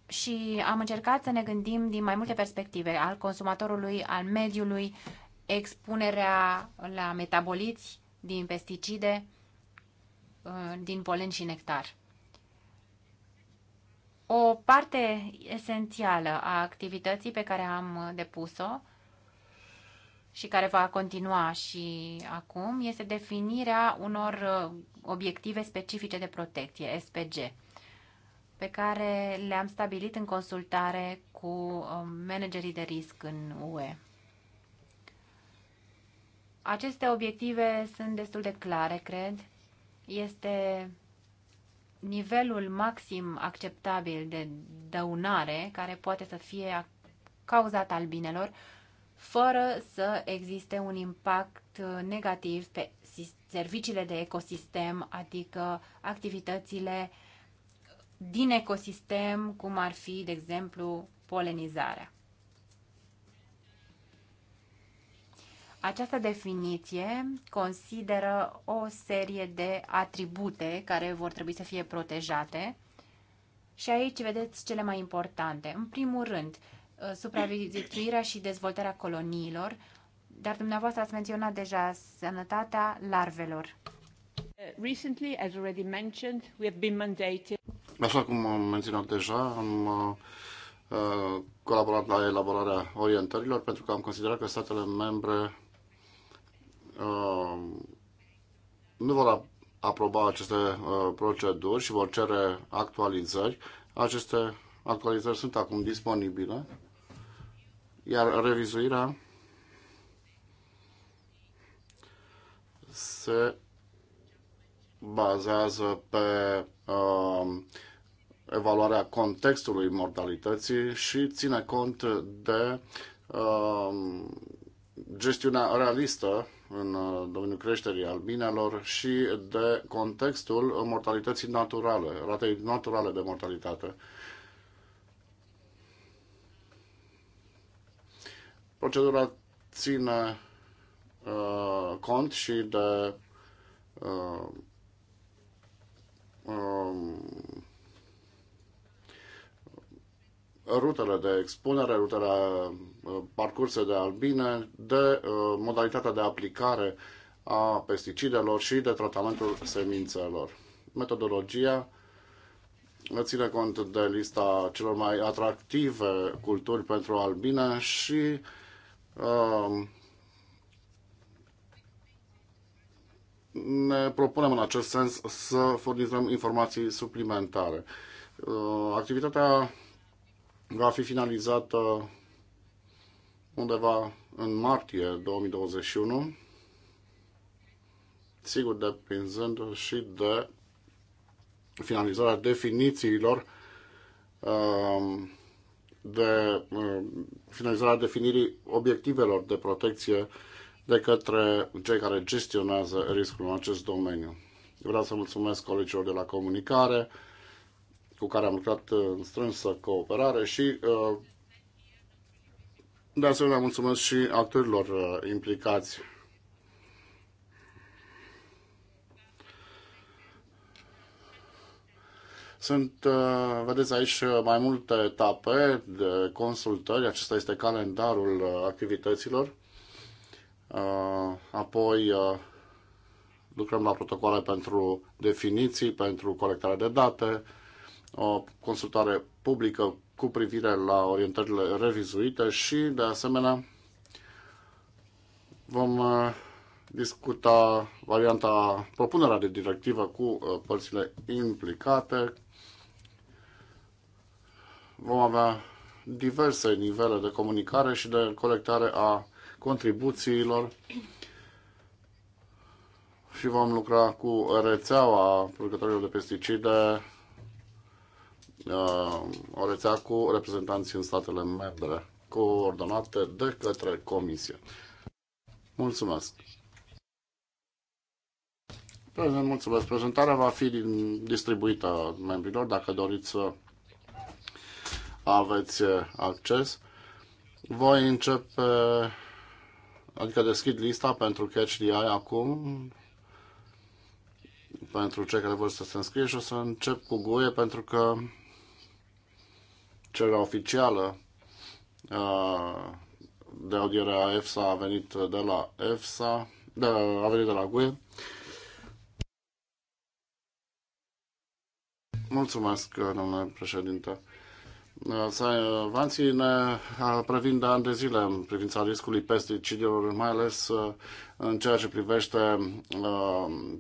Și am încercat să ne gândim din mai multe perspective, al consumatorului, al mediului, expunerea la metaboliți din pesticide, Uh, din polen și nectar. O parte esențială a activității pe care am depus-o și care va continua și acum este definirea unor uh, obiective specifice de protecție, SPG, pe care le-am stabilit în consultare cu um, managerii de risc în UE. Aceste obiective sunt destul de clare, cred, este nivelul maxim acceptabil de dăunare care poate să fie cauzat albinelor fără să existe un impact uh, negativ pe serviciile de ecosistem, adică activitățile din ecosistem, cum ar fi, de exemplu, polenizarea. Această definiție consideră o serie de atribute care vor trebui să fie protejate și aici vedeți cele mai importante. În primul rând, uh, supraviețuirea și dezvoltarea coloniilor, dar dumneavoastră ați menționat deja sănătatea larvelor. Recently, as already mentioned, we have been mandated. Așa cum am menționat deja, am uh, colaborat la elaborarea orientărilor pentru că am considerat că statele membre Um, nu vor aproba aceste uh, proceduri și vor cere actualizări. Aceste actualizări sunt acum disponibile, iar revizuirea se bazează pe uh, evaluarea contextului mortalității și ține cont de uh, gestiunea realistă în uh, domeniul creșterii albinelor și de contextul mortalității naturale, ratei naturale de mortalitate. Procedura ține uh, cont și de uh, um, rutele de expunere, rutele uh, parcurse de albine, de uh, modalitatea de aplicare a pesticidelor și de tratamentul semințelor. Metodologia ține cont de lista celor mai atractive culturi pentru albine și uh, ne propunem în acest sens să furnizăm informații suplimentare. activitatea va fi finalizată undeva în martie 2021, sigur depinzând și de finalizarea definițiilor um, de um, finalizarea definirii obiectivelor de protecție de către cei care gestionează riscul în acest domeniu. Vreau să mulțumesc colegilor de la comunicare, cu care am lucrat uh, în strânsă cooperare și uh, de asemenea mulțumesc și actorilor uh, implicați. Sunt, vedeți aici, mai multe etape de consultări. Acesta este calendarul activităților. Apoi lucrăm la protocoale pentru definiții, pentru colectarea de date, o consultare publică cu privire la orientările revizuite și, de asemenea, vom uh, discuta varianta, propunerea de directivă cu uh, părțile implicate. Vom avea diverse nivele de comunicare și de colectare a contribuțiilor și vom lucra cu rețeaua producătorilor de pesticide uh, o rețea cu reprezentanții în statele membre, coordonate de către Comisie. Mulțumesc! Prezent, mulțumesc! Prezentarea va fi distribuită membrilor, dacă doriți să aveți uh, acces. Voi începe, adică deschid lista pentru Catch the Eye acum, pentru cei care vor să se înscrie și o să încep cu guie pentru că cererea oficială de audiere a EFSA a venit de la EFSA, de, a venit de la GUE. Mulțumesc, domnule președinte. Vanții ne previn de ani de zile în privința riscului pesticidelor, mai ales în ceea ce privește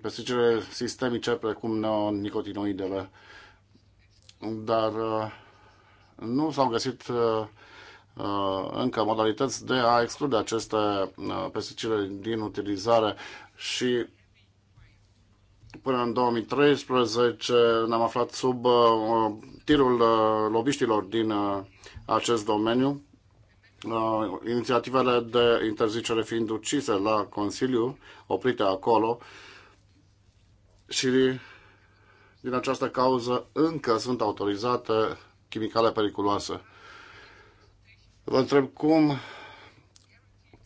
pesticidele sistemice, precum neonicotinoidele. Dar nu s-au găsit uh, uh, încă modalități de a exclude aceste uh, pesticide din utilizare și până în 2013 ne-am aflat sub tirul lobiștilor din acest domeniu, inițiativele de interzicere fiind ucise la Consiliu, oprite acolo și din această cauză încă sunt autorizate chimicală periculoasă. Vă întreb cum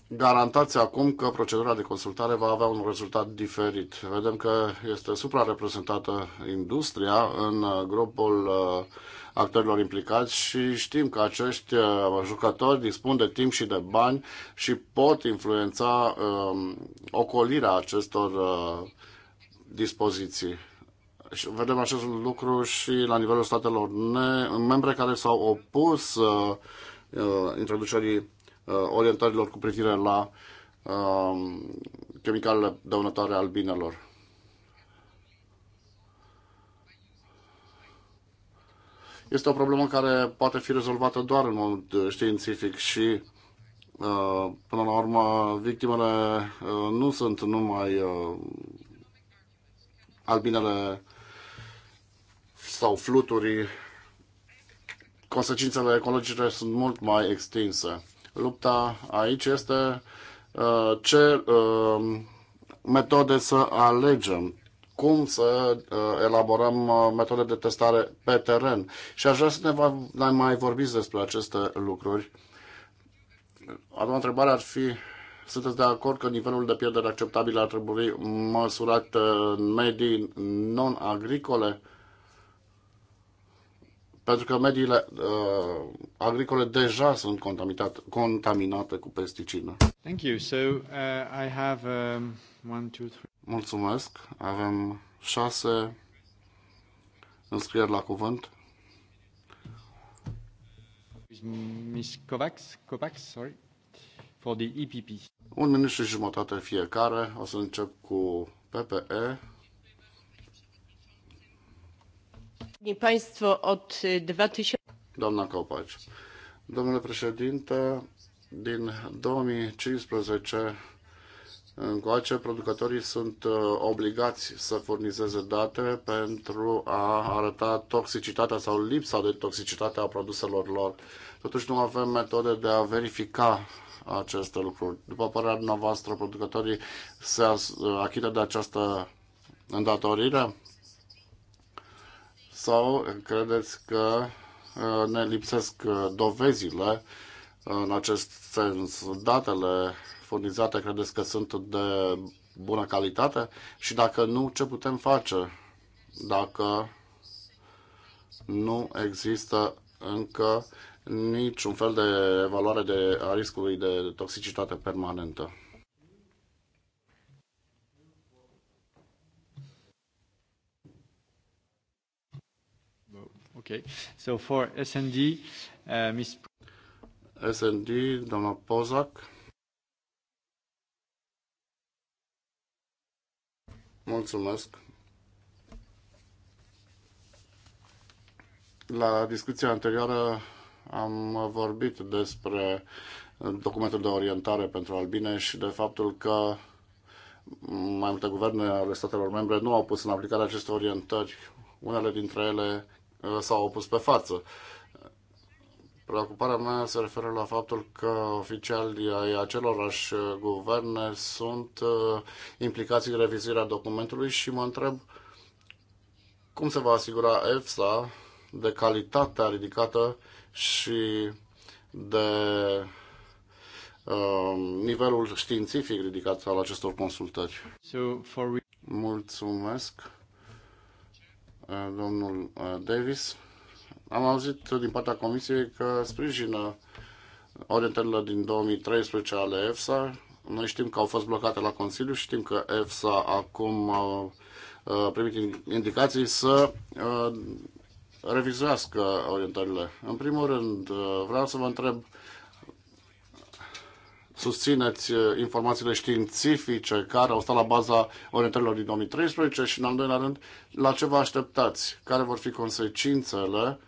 garantați acum că procedura de consultare va avea un rezultat diferit. Vedem că este suprareprezentată industria în grupul uh, actorilor implicați și știm că acești uh, jucători dispun de timp și de bani și pot influența um, ocolirea acestor uh, dispoziții vedem acest lucru și la nivelul statelor membre care s-au opus uh, uh, introducerii uh, orientărilor cu privire la uh, um, chimicalele dăunătoare albinelor. Este o problemă care poate fi rezolvată doar în mod uh, științific și uh, până la urmă victimele nu sunt numai albinele sau fluturi, consecințele ecologice sunt mult mai extinse. Lupta aici este uh, ce uh, metode să alegem, cum să uh, elaborăm metode de testare pe teren. Și aș vrea să ne, mai vorbiți despre aceste lucruri. A doua întrebare ar fi, sunteți de acord că nivelul de pierdere acceptabil ar trebui măsurat în medii non-agricole? pentru că mediile uh, agricole deja sunt contaminate, contaminate cu pesticide. Thank you. So, uh, I have, um, one, two, three. Mulțumesc. Avem șase înscrieri la cuvânt. Miss Kovacs, Kovacs, sorry, for the EPP. Un minut și jumătate fiecare. O să încep cu PPE. Doamna Copaci, domnule președinte, din 2015 încoace, producătorii sunt uh, obligați să furnizeze date pentru a arăta toxicitatea sau lipsa de toxicitate a produselor lor. Totuși nu avem metode de a verifica aceste lucruri. După părerea noastră, producătorii se achită de această îndatorire? sau credeți că uh, ne lipsesc uh, dovezile în acest sens? Datele furnizate credeți că sunt de bună calitate? Și dacă nu, ce putem face dacă nu există încă niciun fel de evaluare de a riscului de toxicitate permanentă? Okay. So for SND, uh, Ms. SND, doamna Pozac. Mulțumesc. La discuția anterioară am vorbit despre documentul de orientare pentru albine și de faptul că mai multe guverne ale statelor membre nu au pus în aplicare aceste orientări. Unele dintre ele s-au opus pe față. Preocuparea mea se referă la faptul că oficialii ai acelorași uh, guverne sunt uh, implicați în revizuirea documentului și mă întreb cum se va asigura EFSA de calitatea ridicată și de um, nivelul științific ridicat al acestor consultări. Mulțumesc. Eh, domnul eh, Davis. Am auzit din partea Comisiei că sprijină orientările din 2013 ale EFSA. Noi știm că au fost blocate la Consiliu, și știm că EFSA acum a primit indicații să eh, revizuiască orientările. În primul rând, vreau să vă întreb susțineți uh, informațiile științifice care au stat la baza orientărilor din 2013 și, în al doilea rând, la ce vă așteptați? Care vor fi consecințele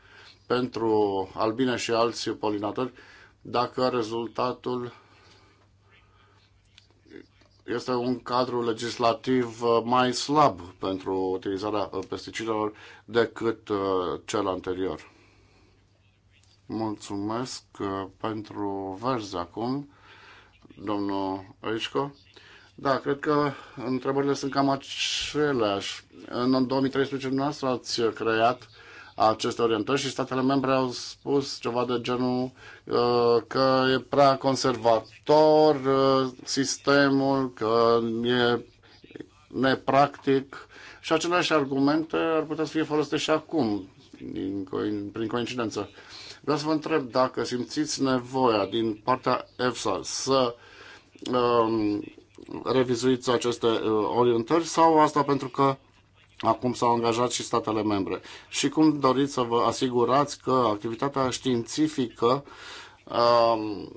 pentru albine și alți polinatori dacă rezultatul este un cadru legislativ uh, mai slab pentru utilizarea uh, pesticidelor decât cel anterior. Mulțumesc pentru verzi acum domnul Oișco. Da, cred că întrebările sunt cam aceleași. În 2013 dumneavoastră ați creat aceste orientări și statele membre au spus ceva de genul uh, că e prea conservator uh, sistemul, că e nepractic și aceleași argumente ar putea să fie folosite și acum, prin coincidență. Vreau să vă întreb dacă simțiți nevoia din partea EFSA să uh, Um, revizuiți aceste uh, orientări sau asta pentru că acum s-au angajat și statele membre? Și cum doriți să vă asigurați că activitatea științifică um,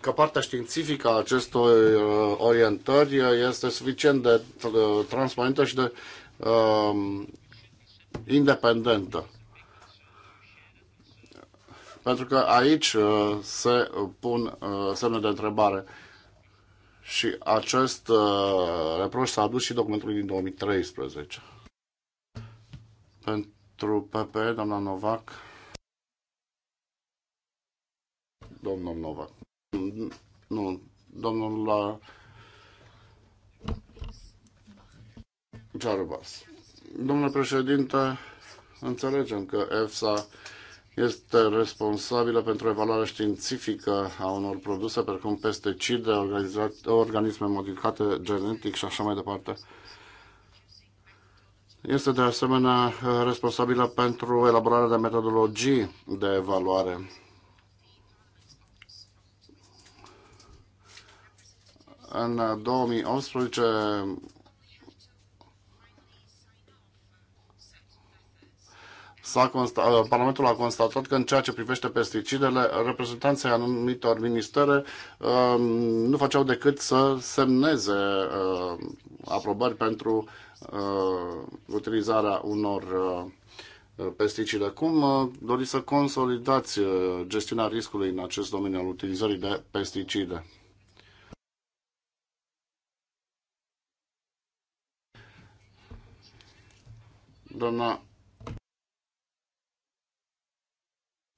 că partea științifică a acestor uh, orientări este suficient de uh, transparentă și de um, independentă pentru că aici uh, se uh, pun uh, semne de întrebare. Și acest reproș s-a adus și documentului din 2013. Pentru PP, doamna Novac. Domnul Novac. Nu, domnul la... Domnule președinte, înțelegem că EFSA este responsabilă pentru evaluarea științifică a unor produse, precum pesticide, organisme modificate genetic și așa mai departe. Este de asemenea uh, responsabilă pentru elaborarea de metodologii de evaluare. În 2018, a consta- uh, Parlamentul a constatat că în ceea ce privește pesticidele, reprezentanții anumitor ministere uh, nu făceau decât să semneze uh, aprobări pentru uh, utilizarea unor uh, pesticide. Cum uh, doriți să consolidați gestiunea riscului în acest domeniu al utilizării de pesticide? Doamna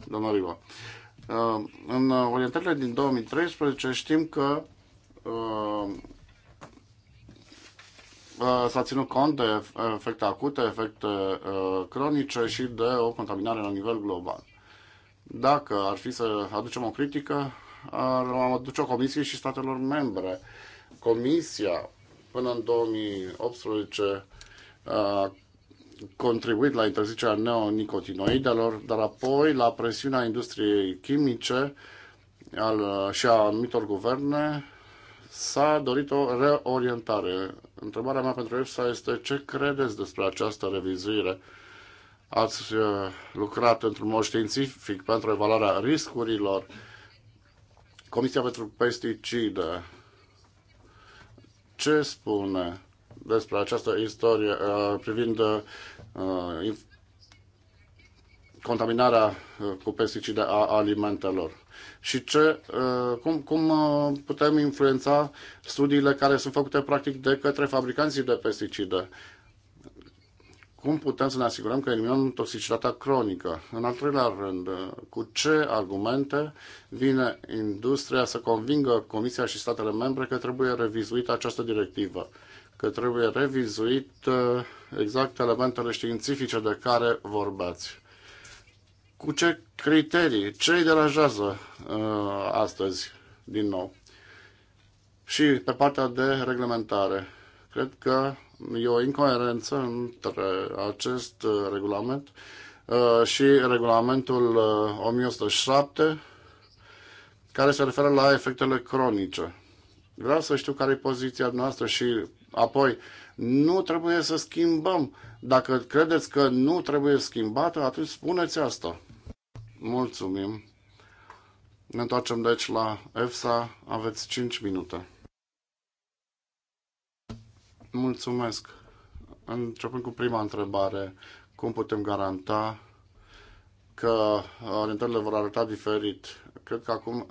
domnul Riva. Uh, în orientările din 2013 știm că uh, uh, s-a ținut cont de efecte acute, efecte cronice și de o contaminare la nivel global. Dacă ar fi să aducem o critică, am aduce o comisie și statelor membre. Comisia, până în 2018, contribuit la interzicerea neonicotinoidelor, dar apoi la presiunea industriei chimice al, și a anumitor guverne s-a dorit o reorientare. Întrebarea mea pentru EFSA este ce credeți despre această revizuire? Ați uh, lucrat într-un mod științific pentru evaluarea riscurilor. Comisia pentru Pesticide ce spune? despre această istorie uh, privind uh, contaminarea uh, cu pesticide a alimentelor și ce, cum, cum putem influența studiile care sunt făcute practic de către fabricanții de pesticide. Cum putem să ne asigurăm că eliminăm toxicitatea cronică? În al treilea rând, cu ce argumente vine industria să convingă Comisia și statele membre că trebuie revizuită această directivă? că trebuie revizuit uh, exact elementele științifice de care vorbeați. Cu ce criterii, ce îi deranjează uh, astăzi, din nou? Și pe partea de reglementare, cred că e o incoerență între acest uh, regulament și regulamentul 1107 care se referă la efectele cronice. Vreau să știu care e poziția noastră și Apoi, nu trebuie să schimbăm. Dacă credeți că nu trebuie schimbată, atunci spuneți asta. Mulțumim. Ne întoarcem deci la EFSA. Aveți 5 minute. Mulțumesc. Începând cu prima întrebare, cum putem garanta că orientările vor arăta diferit? Cred că acum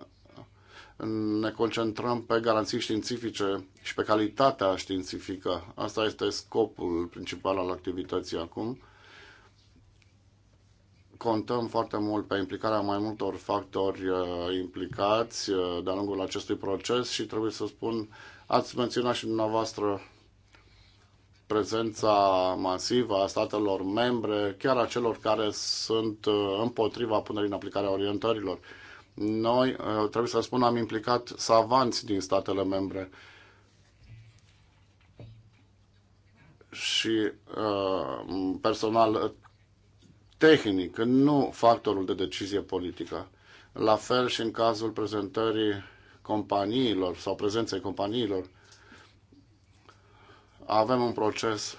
ne concentrăm pe garanții științifice și pe calitatea științifică. Asta este scopul principal al activității acum. Contăm foarte mult pe implicarea mai multor factori uh, implicați uh, de-a lungul acestui proces și trebuie să spun, ați menționat și dumneavoastră prezența masivă a statelor membre, chiar a celor care sunt uh, împotriva punerii în aplicare a orientărilor. Noi, uh, trebuie să spun, am implicat savanți din statele membre și uh, personal uh, tehnic, nu factorul de decizie politică. La fel și în cazul prezentării companiilor sau prezenței companiilor, avem un proces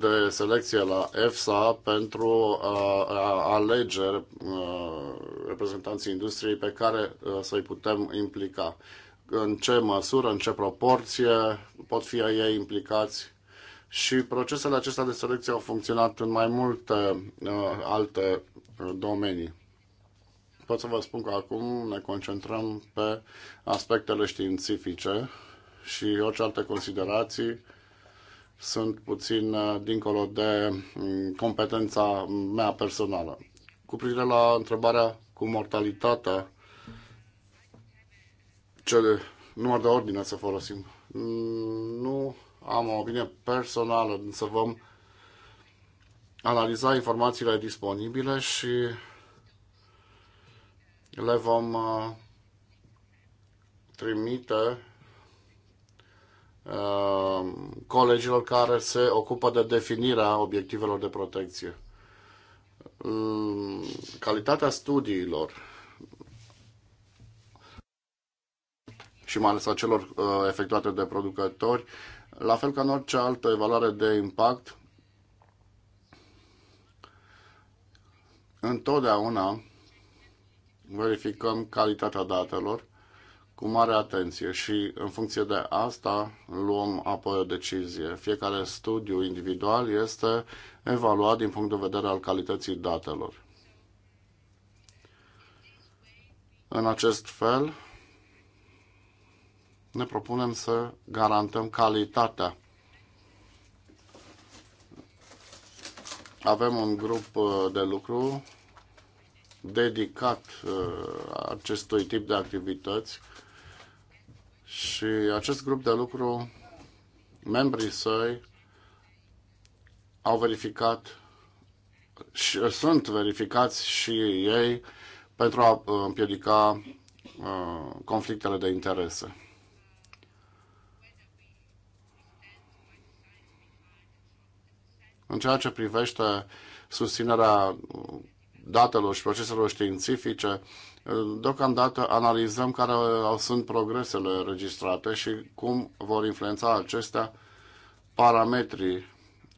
de selecție la EFSA pentru a alege reprezentanții industriei pe care să-i putem implica. În ce măsură, în ce proporție pot fi ei implicați și procesele acestea de selecție au funcționat în mai multe alte domenii. Pot să vă spun că acum ne concentrăm pe aspectele științifice și orice alte considerații sunt puțin uh, dincolo de mm, competența mea personală. Cu privire la întrebarea cu mortalitatea, ce număr de ordine să folosim, mm, nu am o opinie personală, să vom analiza informațiile disponibile și le vom uh, trimite Uh, colegilor care se ocupă de definirea obiectivelor de protecție. Mm, calitatea studiilor și mai ales a celor uh, efectuate de producători, la fel ca în orice altă evaluare de impact, întotdeauna verificăm calitatea datelor cu mare atenție și în funcție de asta luăm apoi o decizie. Fiecare studiu individual este evaluat din punct de vedere al calității datelor. În acest fel, ne propunem să garantăm calitatea. Avem un grup uh, de lucru dedicat uh, acestui tip de activități și acest grup de lucru, membrii săi, au verificat și uh, sunt verificați și ei pentru a uh, împiedica uh, conflictele de interese. În ceea ce privește susținerea uh, datelor și proceselor științifice, Deocamdată analizăm care sunt progresele registrate și cum vor influența acestea parametrii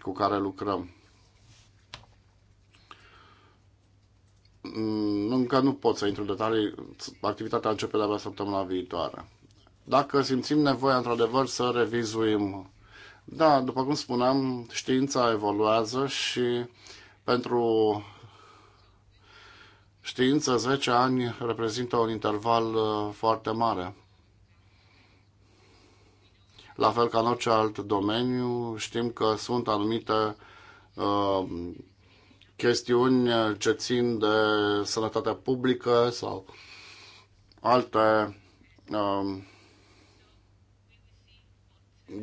cu care lucrăm. Mm, încă nu pot să intru în detalii, activitatea începe de-abia săptămâna viitoare. Dacă simțim nevoia, într-adevăr, să revizuim, da, după cum spuneam, știința evoluează și pentru știință, 10 ani reprezintă un interval uh, foarte mare. La fel ca în orice alt domeniu, știm că sunt anumite uh, chestiuni uh, ce țin de sănătatea publică sau alte uh,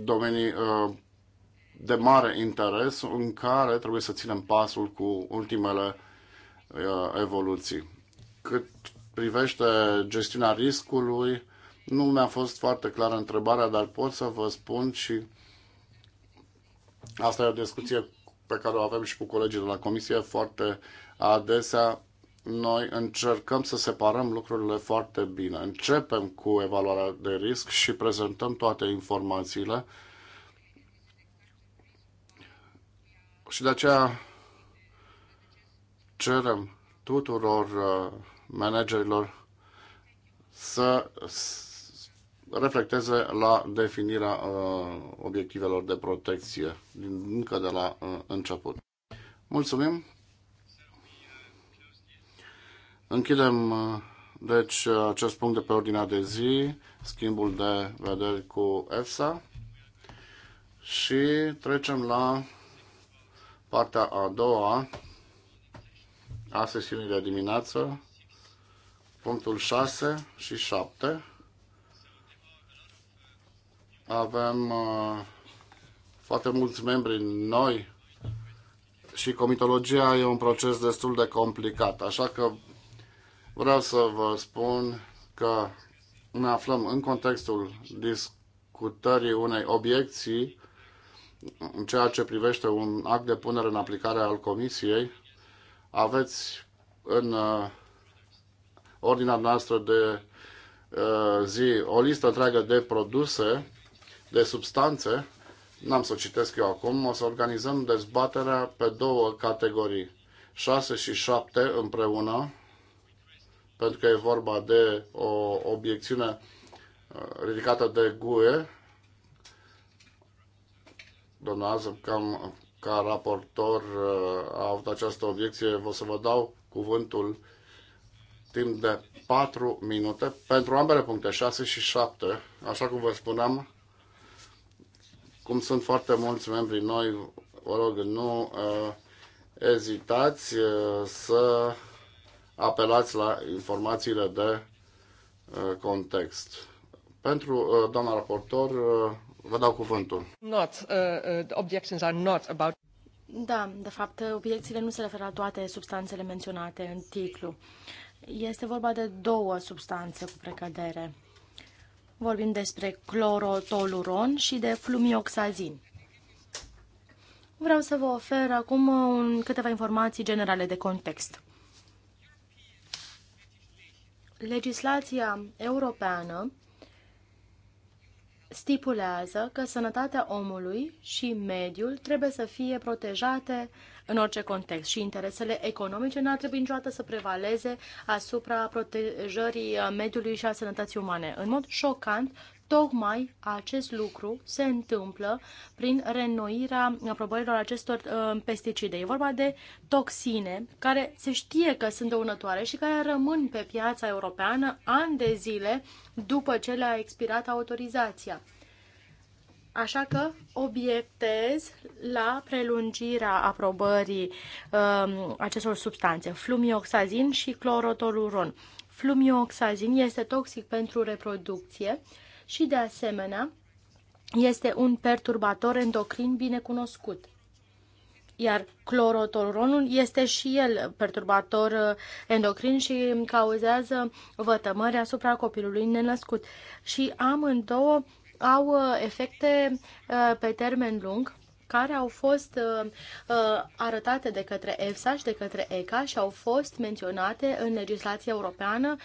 domenii uh, de mare interes în care trebuie să ținem pasul cu ultimele Uh, evoluții. Cât privește gestiunea riscului, nu mi-a fost foarte clară întrebarea, dar pot să vă spun și asta e o discuție pe care o avem și cu colegii de la comisie foarte adesea. Noi încercăm să separăm lucrurile foarte bine. Începem cu evaluarea de risc și prezentăm toate informațiile. Și de aceea cerem tuturor uh, managerilor să reflecteze la definirea uh, obiectivelor de protecție încă de la uh, început. Mulțumim! Închidem deci acest punct de pe ordinea de zi, schimbul de vederi cu EFSA și trecem la partea a doua a sesiunii de dimineață, punctul 6 și 7. Avem uh, foarte mulți membri noi și comitologia e un proces destul de complicat, așa că vreau să vă spun că ne aflăm în contextul discutării unei obiecții în ceea ce privește un act de punere în aplicare al Comisiei aveți în uh, ordinea noastră de uh, zi o listă întreagă de produse, de substanțe. N-am să o citesc eu acum. O să organizăm dezbaterea pe două categorii. 6 și 7 împreună, pentru că e vorba de o obiecțiune uh, ridicată de GUE. Doamna Azăp, cam ca raportor uh, a avut această obiecție, vă să vă dau cuvântul timp de 4 minute pentru ambele puncte, 6 și 7. Așa cum vă spuneam, cum sunt foarte mulți membri noi, vă rog, nu uh, ezitați uh, să apelați la informațiile de uh, context. Pentru uh, doamna raportor, uh, Vă dau cuvântul. Not, uh, uh, the objections are not about... Da, de fapt, obiecțiile nu se referă la toate substanțele menționate în titlu. Este vorba de două substanțe cu precădere. Vorbim despre clorotoluron și de flumioxazin. Vreau să vă ofer acum un, câteva informații generale de context. Legislația europeană stipulează că sănătatea omului și mediul trebuie să fie protejate în orice context și interesele economice nu ar trebui niciodată să prevaleze asupra protejării uh, mediului și a sănătății umane. În mod șocant, Tocmai acest lucru se întâmplă prin reînnoirea aprobărilor acestor uh, pesticide. E vorba de toxine care se știe că sunt dăunătoare și care rămân pe piața europeană ani de zile după ce le-a expirat autorizația. Așa că obiectez la prelungirea aprobării um, acestor substanțe, flumioxazin și clorotoluron. Flumioxazin este toxic pentru reproducție și, de asemenea, este un perturbator endocrin binecunoscut. Iar clorotolronul este și el perturbator uh, endocrin și cauzează vătămări asupra copilului nenăscut. Și amândouă au uh, efecte uh, pe termen lung care au fost arătate de către EFSA și de către ECA și au fost menționate în legislația europeană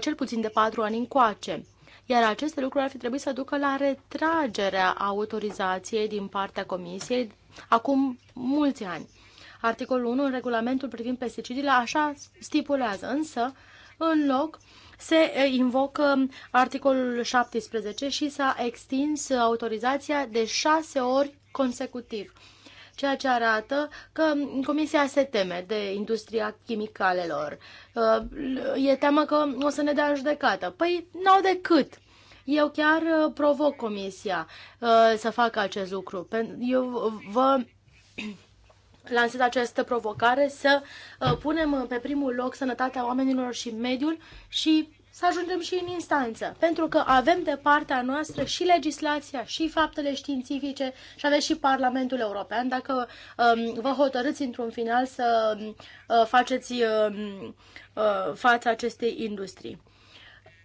cel puțin de patru ani încoace iar aceste lucruri ar fi trebuit să ducă la retragerea autorizației din partea Comisiei acum mulți ani. Articolul 1 în regulamentul privind pesticidele așa stipulează, însă în loc se invocă articolul 17 și s-a extins autorizația de șase ori consecutiv ceea ce arată că Comisia se teme de industria chimicalelor. Uh, e teamă că o să ne dea în judecată. Păi n-au decât. Eu chiar uh, provoc Comisia uh, să facă acest lucru. Eu vă (clears throat) lansez această provocare să punem pe primul loc sănătatea oamenilor și mediul și să ajungem și în instanță, pentru că avem de partea noastră și legislația, și faptele științifice și aveți și Parlamentul European. Dacă um, vă hotărâți într-un final să um, uh, faceți uh, uh, fața acestei industrii.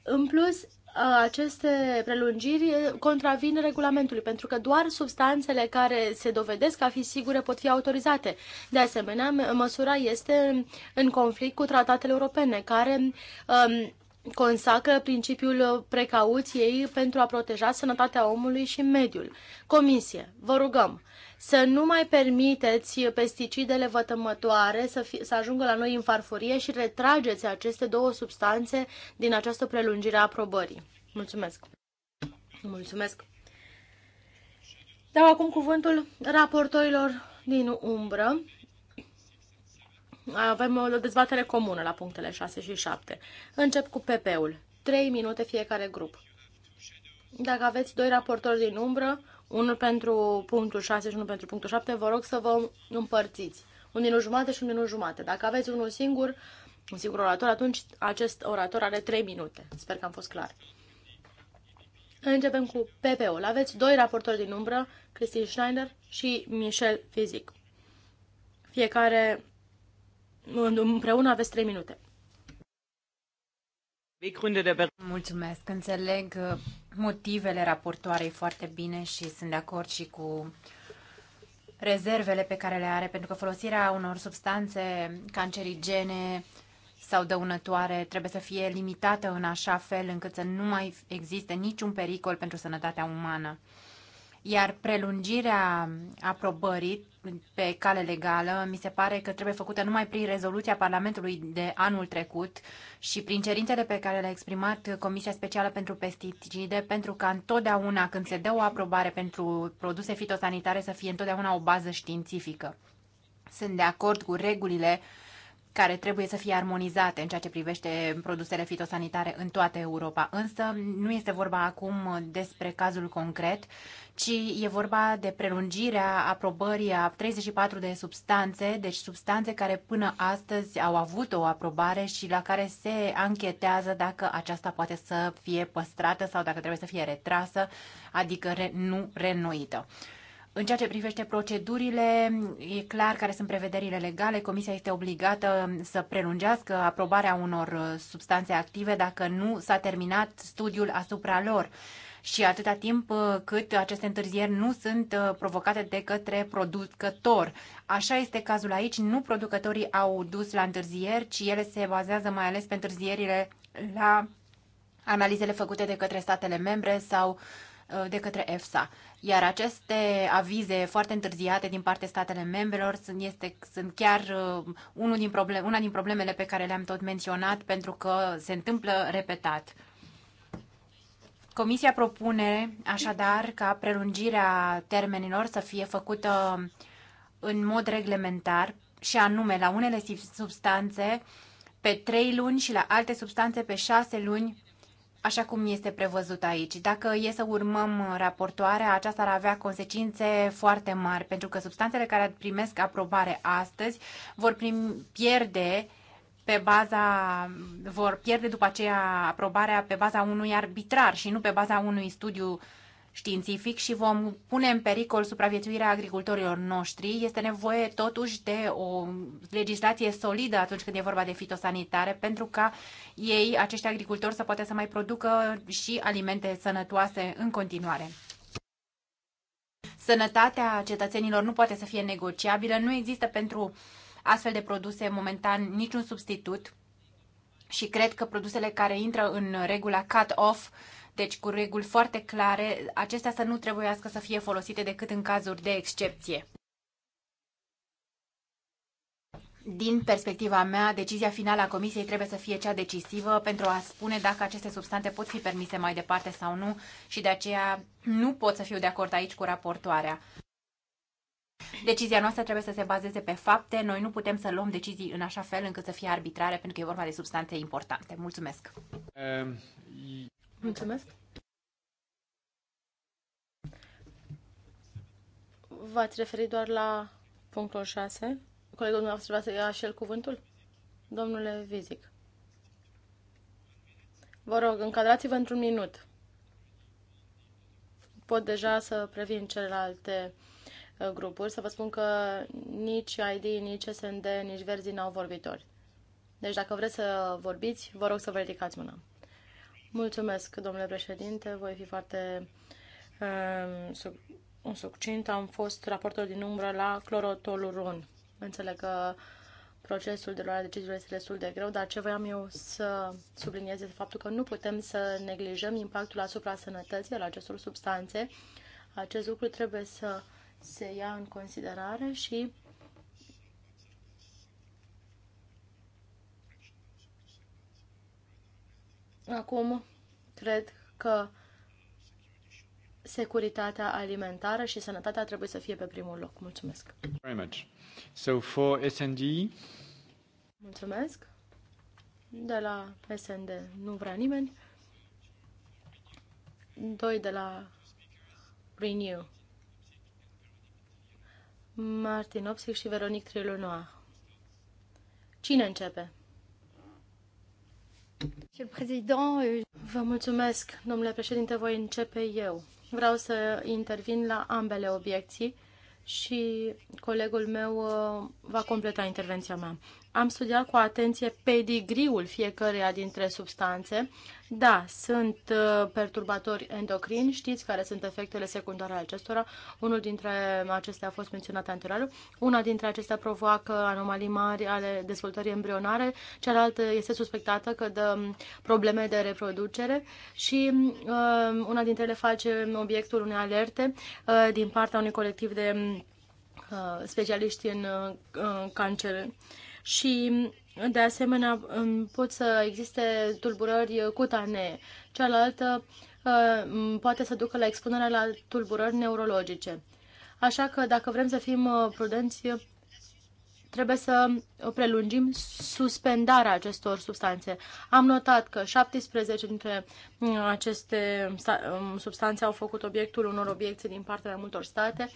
În plus, uh, aceste prelungiri contravin regulamentului, pentru că doar substanțele care se dovedesc a fi sigure pot fi autorizate. De asemenea, măsura este în conflict cu tratatele europene, care um, consacră principiul precauției pentru a proteja sănătatea omului și mediul. Comisie, vă rugăm să nu mai permiteți pesticidele vătămătoare să, fi, să ajungă la noi în farfurie și retrageți aceste două substanțe din această prelungire a aprobării. Mulțumesc! Mulțumesc! Dau acum cuvântul raportorilor din umbră avem o dezbatere comună la punctele 6 și 7. Încep cu PP-ul. 3 minute fiecare grup. Dacă aveți doi raportori din umbră, unul pentru punctul 6 și unul pentru punctul 7, vă rog să vă împărțiți. Un minut jumate și un minut jumate. Dacă aveți unul singur, un singur orator, atunci acest orator are 3 minute. Sper că am fost clar. Începem cu PP-ul. Aveți doi raportori din umbră, Christine Schneider și Michel Fizic. Fiecare Împreună aveți trei minute. Mulțumesc. Înțeleg uh, motivele raportoarei foarte bine și sunt de acord și cu rezervele pe care le are, pentru că folosirea unor substanțe cancerigene sau dăunătoare trebuie să fie limitată în așa fel încât să nu mai existe niciun pericol pentru sănătatea umană. Iar prelungirea aprobării pe cale legală, mi se pare că trebuie făcută numai prin rezoluția Parlamentului de anul trecut și prin cerințele pe care le-a exprimat Comisia Specială pentru Pesticide, pentru ca întotdeauna când se dă o aprobare pentru produse fitosanitare să fie întotdeauna o bază științifică. Sunt de acord cu regulile uh, care trebuie să fie armonizate în ceea ce privește produsele fitosanitare în toată Europa. Însă nu este vorba acum despre cazul concret, ci e vorba de prelungirea aprobării a 34 de substanțe, deci substanțe care până astăzi au avut o aprobare și la care se anchetează dacă aceasta poate să fie păstrată sau dacă trebuie să fie retrasă, adică nu renuită. În ceea ce privește procedurile, e clar care sunt prevederile legale. Comisia este obligată să prelungească aprobarea unor uh, substanțe active dacă nu s-a terminat studiul asupra lor și atâta timp uh, cât aceste întârzieri nu sunt uh, provocate de către producător. Așa este cazul aici, nu producătorii au dus la întârzieri, ci ele se bazează mai ales pe întârzierile la analizele făcute de către statele membre sau uh, Uh, de către EFSA. Iar aceste avize foarte întârziate din partea statele membrelor sunt, este, sunt chiar uh, unul din problem, una din problemele pe care le-am tot menționat pentru că se întâmplă repetat. Comisia propune așadar ca prelungirea termenilor să fie făcută în mod reglementar și anume la unele substanțe pe 3 luni și la alte substanțe pe 6 luni așa cum este prevăzut aici. Dacă e să urmăm raportoarea, aceasta ar avea consecințe foarte mari, pentru că substanțele care primesc aprobare astăzi vor prim, pierde pe baza, vor pierde după aceea aprobarea pe baza unui arbitrar și nu pe baza unui studiu uh, științific și vom pune în pericol supraviețuirea agricultorilor noștri. Este nevoie totuși de o legislație solidă atunci când e vorba de fitosanitare pentru ca ei, acești agricultori, să poată să mai producă și alimente sănătoase în continuare. Sănătatea cetățenilor nu poate să fie negociabilă, nu există pentru astfel de produse momentan niciun substitut și cred că produsele care intră în regula cut-off deci cu reguli foarte clare, acestea să nu trebuiască să fie folosite decât în cazuri de excepție. Din perspectiva mea, decizia finală a Comisiei trebuie să fie cea decisivă pentru a spune dacă aceste substanțe pot fi permise mai departe sau nu și de aceea nu pot să fiu de acord aici cu raportoarea. Decizia noastră trebuie să se bazeze pe fapte. Noi nu putem să luăm decizii în așa fel încât să fie arbitrare, pentru că e vorba de substanțe importante. Mulțumesc! Ehm, Mulțumesc. V-ați referit doar la punctul 6? Colegul dumneavoastră vrea să ia și el cuvântul? Domnule Vizic. Vă rog, încadrați-vă într-un minut. Pot deja să previn celelalte uh, grupuri, să vă spun că nici ID, nici SND, nici Verzi n-au vorbitori. Deci dacă vreți să vorbiți, vă rog să vă ridicați mâna. Mulțumesc, domnule președinte. Voi fi foarte um, un succint. Am fost raportor din umbră la clorotoluron. Înțeleg că procesul de luare deciziilor este destul de greu, dar ce voiam eu să subliniez este faptul că nu putem să neglijăm impactul asupra sănătății al acestor substanțe. Acest lucru trebuie să se ia în considerare și Acum, cred că securitatea alimentară și sănătatea trebuie să fie pe primul loc. Mulțumesc. Very much. So for S&D. Mulțumesc. De la SND nu vrea nimeni. Doi de la Renew. Martin Opsic și Veronic Trilunoa. Cine începe? Euh, vă mulțumesc, domnule președinte, voi începe eu. Vreau să intervin la ambele obiecții și colegul meu uh, va completa intervenția mea. Am studiat cu atenție pedigriul fiecăreia dintre substanțe. Da, sunt uh, perturbatori endocrini, știți care sunt efectele secundare ale acestora. Unul dintre acestea a fost menționat anterior. Una dintre acestea provoacă anomalii mari ale dezvoltării embrionare, cealaltă este suspectată că dă um, probleme de reproducere și uh, una dintre ele face obiectul unei alerte uh, din partea unui colectiv de specialiști în cancer și de asemenea pot să existe tulburări cutanee. Cealaltă uh, poate să ducă la expunerea la tulburări neurologice. Așa că dacă vrem să fim uh, prudenți, trebuie să prelungim suspendarea acestor substanțe. Am notat că 17 dintre uh, aceste um, substanțe au făcut obiectul unor obiecții din partea mai multor state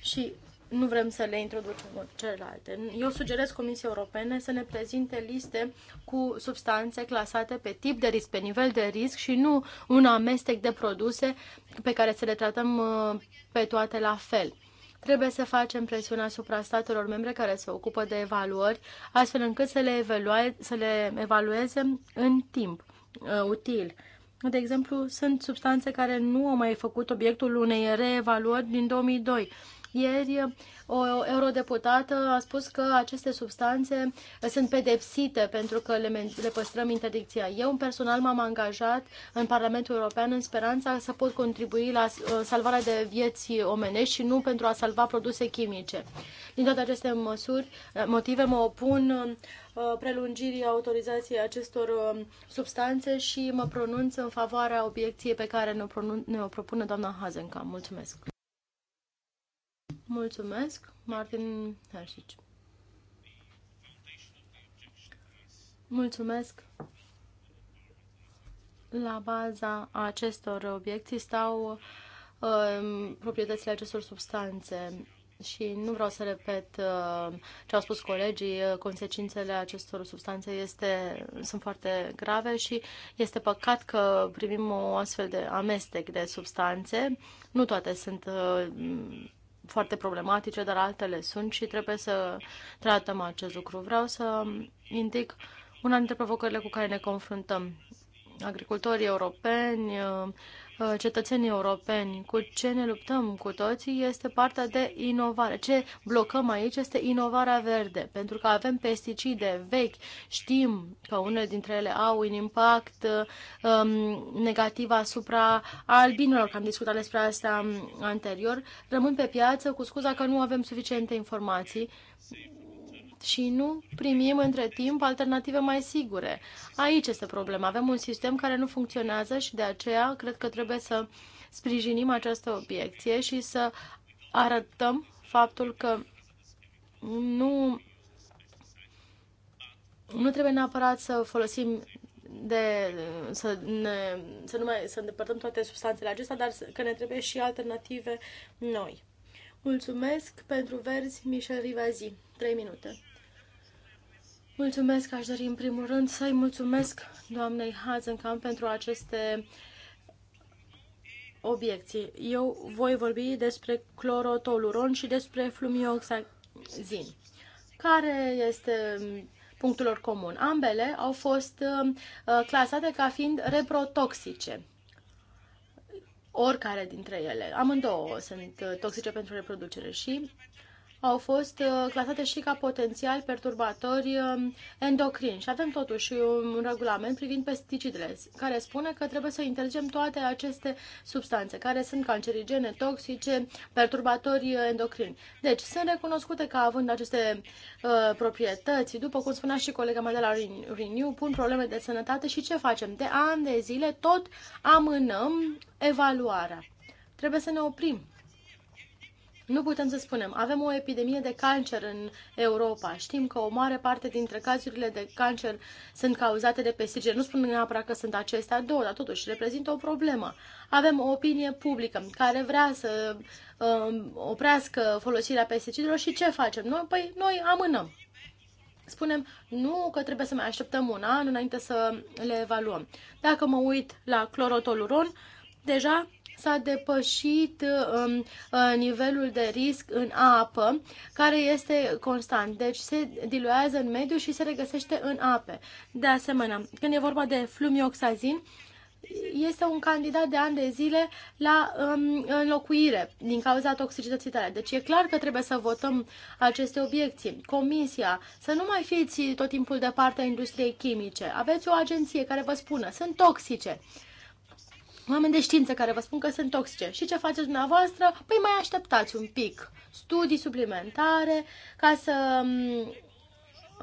și nu vrem să le introducem celelalte. Eu sugerez Comisiei Europene să ne prezinte liste cu substanțe clasate pe tip de risc, pe nivel de risc și nu un amestec de produse pe care să le tratăm uh, pe toate la fel. Trebuie să facem presiune asupra statelor membre care se ocupă de evaluări, astfel încât să le, evalue, să le evalueze în timp uh, util. De exemplu, sunt substanțe care nu au mai făcut obiectul unei reevaluări din 2002 ieri o eurodeputată a spus că aceste substanțe sunt pedepsite pentru că le, le păstrăm interdicția. Eu personal m-am angajat în Parlamentul European în speranța să pot contribui la uh, salvarea de vieți omenești și nu pentru a salva produse chimice. Din toate aceste măsuri, uh, motive mă opun uh, prelungirii autorizației acestor substanțe și mă pronunț în favoarea obiecției pe care ne-o propune doamna Hazenka. Mulțumesc! Mulțumesc, Martin Hersic. Mulțumesc. La baza acestor obiecții stau uh, proprietățile acestor substanțe și nu vreau să repet uh, ce au spus colegii, uh, consecințele acestor substanțe este, sunt foarte grave și este păcat că primim o astfel de amestec de substanțe. Nu toate sunt uh, foarte problematice, dar altele sunt și trebuie să tratăm acest lucru. Vreau să indic una dintre provocările cu care ne confruntăm. Agricultorii europeni Uh, cetățenii europeni, cu ce ne luptăm cu toții, este partea de inovare. Ce blocăm aici este inovarea verde, pentru că avem pesticide vechi, știm că unele dintre ele au un impact uh, um, negativ asupra albinelor, că am discutat despre asta um, anterior, rămân pe piață cu scuza că nu avem suficiente informații și nu primim între timp alternative mai sigure. Aici este problema. Avem un sistem care nu funcționează și de aceea cred că trebuie să sprijinim această obiecție și să arătăm faptul că nu, nu trebuie neapărat să folosim de, să, ne, să, nu mai, să îndepărtăm toate substanțele acestea, dar că ne trebuie și alternative noi. Mulțumesc pentru verzi, Michel Rivazi. 3 minute. Mulțumesc, aș dori în primul rând să-i mulțumesc doamnei Cam pentru aceste obiecții. Eu voi vorbi despre clorotoluron și despre flumioxazin. Care este punctul lor comun? Ambele au fost uh, clasate ca fiind reprotoxice. Oricare dintre ele. Amândouă sunt toxice pentru reproducere și au fost uh, clasate și ca potențial perturbatori uh, endocrini. Și avem totuși un regulament privind pesticidele, care spune că trebuie să interzicem toate aceste substanțe, care sunt cancerigene, toxice, perturbatori uh, endocrini. Deci, sunt recunoscute ca având aceste uh, proprietăți. După cum spunea și colega mea de la Renew, pun probleme de sănătate și ce facem? De ani de zile tot amânăm evaluarea. Trebuie să ne oprim nu putem să spunem, avem o epidemie de cancer în Europa. Știm că o mare parte dintre cazurile de cancer sunt cauzate de pestigere. Nu spun neapărat că sunt acestea două, dar totuși reprezintă o problemă. Avem o opinie publică care vrea să uh, oprească folosirea pesticidelor și ce facem? Noi, păi, noi amânăm spunem nu că trebuie să mai așteptăm un an înainte să le evaluăm. Dacă mă uit la clorotoluron, deja s-a depășit um, uh, nivelul de risc în apă, care este constant. Deci se diluează în mediu și se regăsește în ape. De asemenea, când e vorba de flumioxazin, este un candidat de ani de zile la um, înlocuire din cauza toxicității tale. Deci e clar că trebuie să votăm aceste obiecții. Comisia, să nu mai fiți tot timpul de partea industriei chimice. Aveți o agenție care vă spună, sunt toxice. Uh, oameni de știință care vă spun că sunt toxice. Și ce faceți dumneavoastră? Păi mai așteptați un pic. Studii suplimentare ca să mm,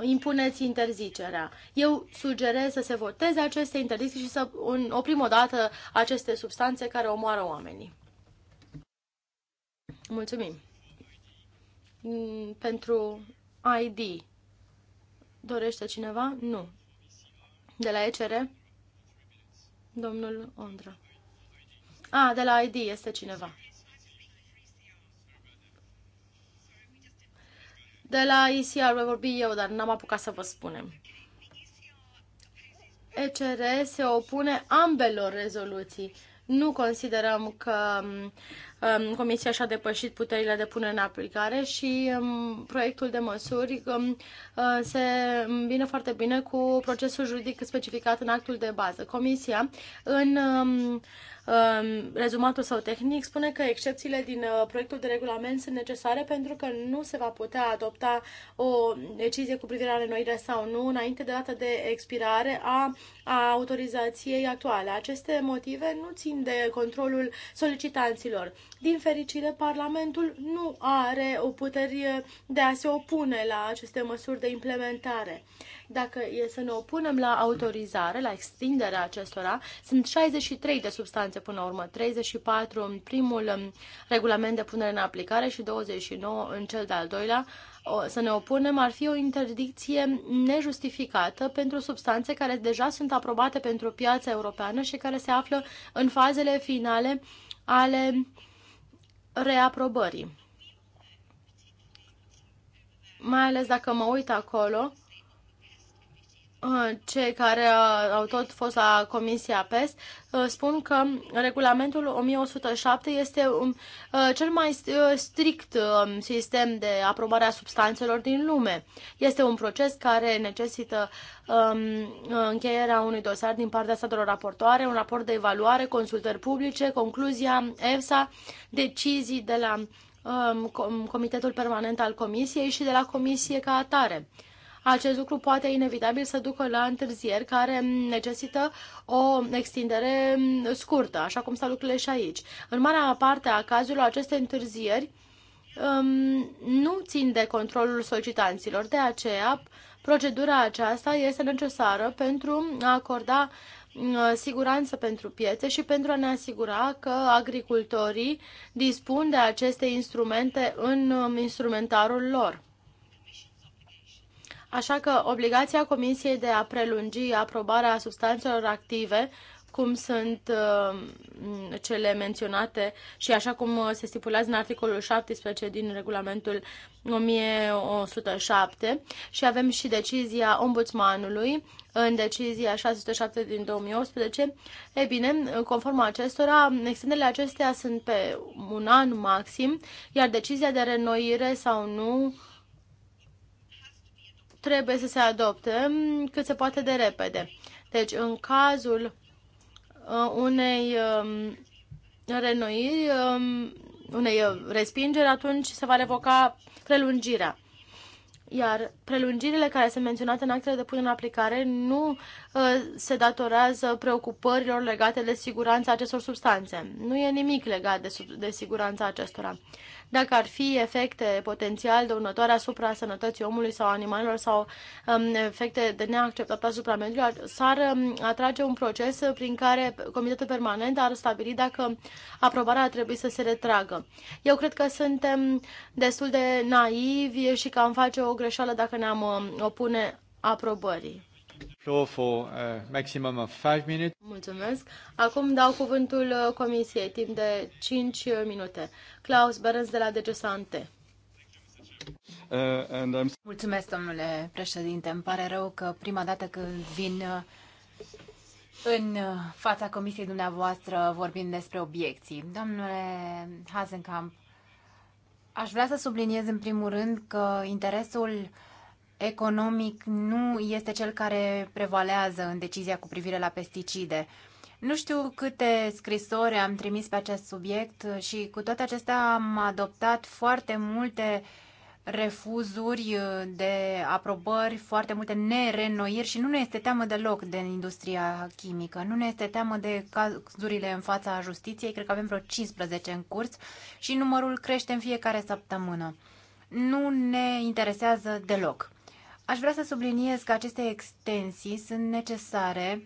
impuneți interzicerea. Eu sugerez să se voteze aceste interdicții și să oprim odată aceste substanțe care omoară oamenii. Mulțumim. Mm, pentru ID. Dorește cineva? Nu. De la ECR? Domnul Ondra. A, de la ID este cineva. De la ICR voi vorbi eu, dar n-am apucat să vă spunem. ECR se opune ambelor rezoluții. Nu considerăm că Um, Comisia și-a depășit puterile de punere în aplicare și um, proiectul de măsuri um, uh, se vine foarte bine cu procesul juridic specificat în actul de bază. Comisia, în rezumatul său tehnic, spune că excepțiile din uh, proiectul de regulament sunt necesare pentru că nu se va putea adopta o decizie cu privire la renoire sau nu înainte de data de expirare a, a autorizației actuale. Aceste motive nu țin de controlul solicitanților. Din fericire, Parlamentul nu are o putere de a se opune la aceste măsuri de implementare. Dacă e să ne opunem la autorizare, la extinderea acestora, sunt 63 de substanțe până la urmă, 34 în primul um, regulament de punere în aplicare și 29 în cel de-al doilea, o, să ne opunem ar fi o interdicție nejustificată pentru substanțe care deja sunt aprobate pentru piața europeană și care se află în fazele finale ale uh, reaprobării. Mai ales dacă mă uit acolo, cei care uh, au tot fost la Comisia PES uh, spun că regulamentul 1107 este uh, cel mai strict um, sistem de aprobare a substanțelor din lume. Este un proces care necesită um, încheierea unui dosar din partea statelor raportoare, un raport de evaluare, consultări publice, concluzia EFSA, decizii de la um, Comitetul Permanent al Comisiei și de la Comisie ca atare acest lucru poate inevitabil să ducă la întârzieri care necesită o extindere scurtă, așa cum stau lucrurile și aici. În marea parte a cazurilor, aceste întârzieri um, nu țin de controlul solicitanților, de aceea procedura aceasta este necesară pentru a acorda uh, siguranță pentru piețe și pentru a ne asigura că agricultorii dispun de aceste instrumente în um, instrumentarul lor. Așa că obligația Comisiei de a prelungi aprobarea substanțelor active, cum sunt uh, cele menționate și așa cum uh, se stipulează în articolul 17 din regulamentul 1107 și avem și decizia ombudsmanului în decizia 607 din 2018. E bine, conform acestora, extenderile acestea sunt pe un an maxim, iar decizia de renoire sau nu trebuie să se adopte mm, cât se poate de repede. Deci, în cazul uh, unei um, renoiri, um, unei respingeri, atunci se va revoca prelungirea. Iar prelungirile care sunt menționate în actele de punere în aplicare nu uh, se datorează preocupărilor legate de siguranța acestor substanțe. Nu e nimic legat de, de siguranța acestora dacă ar fi efecte potențial dăunătoare asupra sănătății omului sau animalelor sau um, efecte de neacceptat asupra mediului, s-ar um, atrage un proces prin care Comitetul Permanent ar stabili dacă aprobarea ar trebui să se retragă. Eu cred că suntem destul de naivi și că am face o greșeală dacă ne-am um, opune aprobării. Floor for uh, maximum of five minutes. Mulțumesc. Acum dau cuvântul uh, Comisiei, timp de 5 uh, minute. Klaus Berens de la Degesante. Uh, Mulțumesc, domnule președinte. Îmi pare rău că prima dată când vin în fața comisiei dumneavoastră vorbim despre obiecții. Domnule Hazenkamp, aș vrea să subliniez în primul rând că interesul economic nu este cel care prevalează în decizia cu privire la pesticide. Nu știu câte scrisori am trimis pe acest subiect și cu toate acestea am adoptat foarte multe refuzuri de aprobări, foarte multe nerenoiri și nu ne este teamă deloc de industria chimică, nu ne este teamă de cazurile în fața justiției, cred că avem vreo 15 în curs și numărul crește în fiecare săptămână. Nu ne interesează deloc. Aș vrea să subliniez că aceste extensii sunt necesare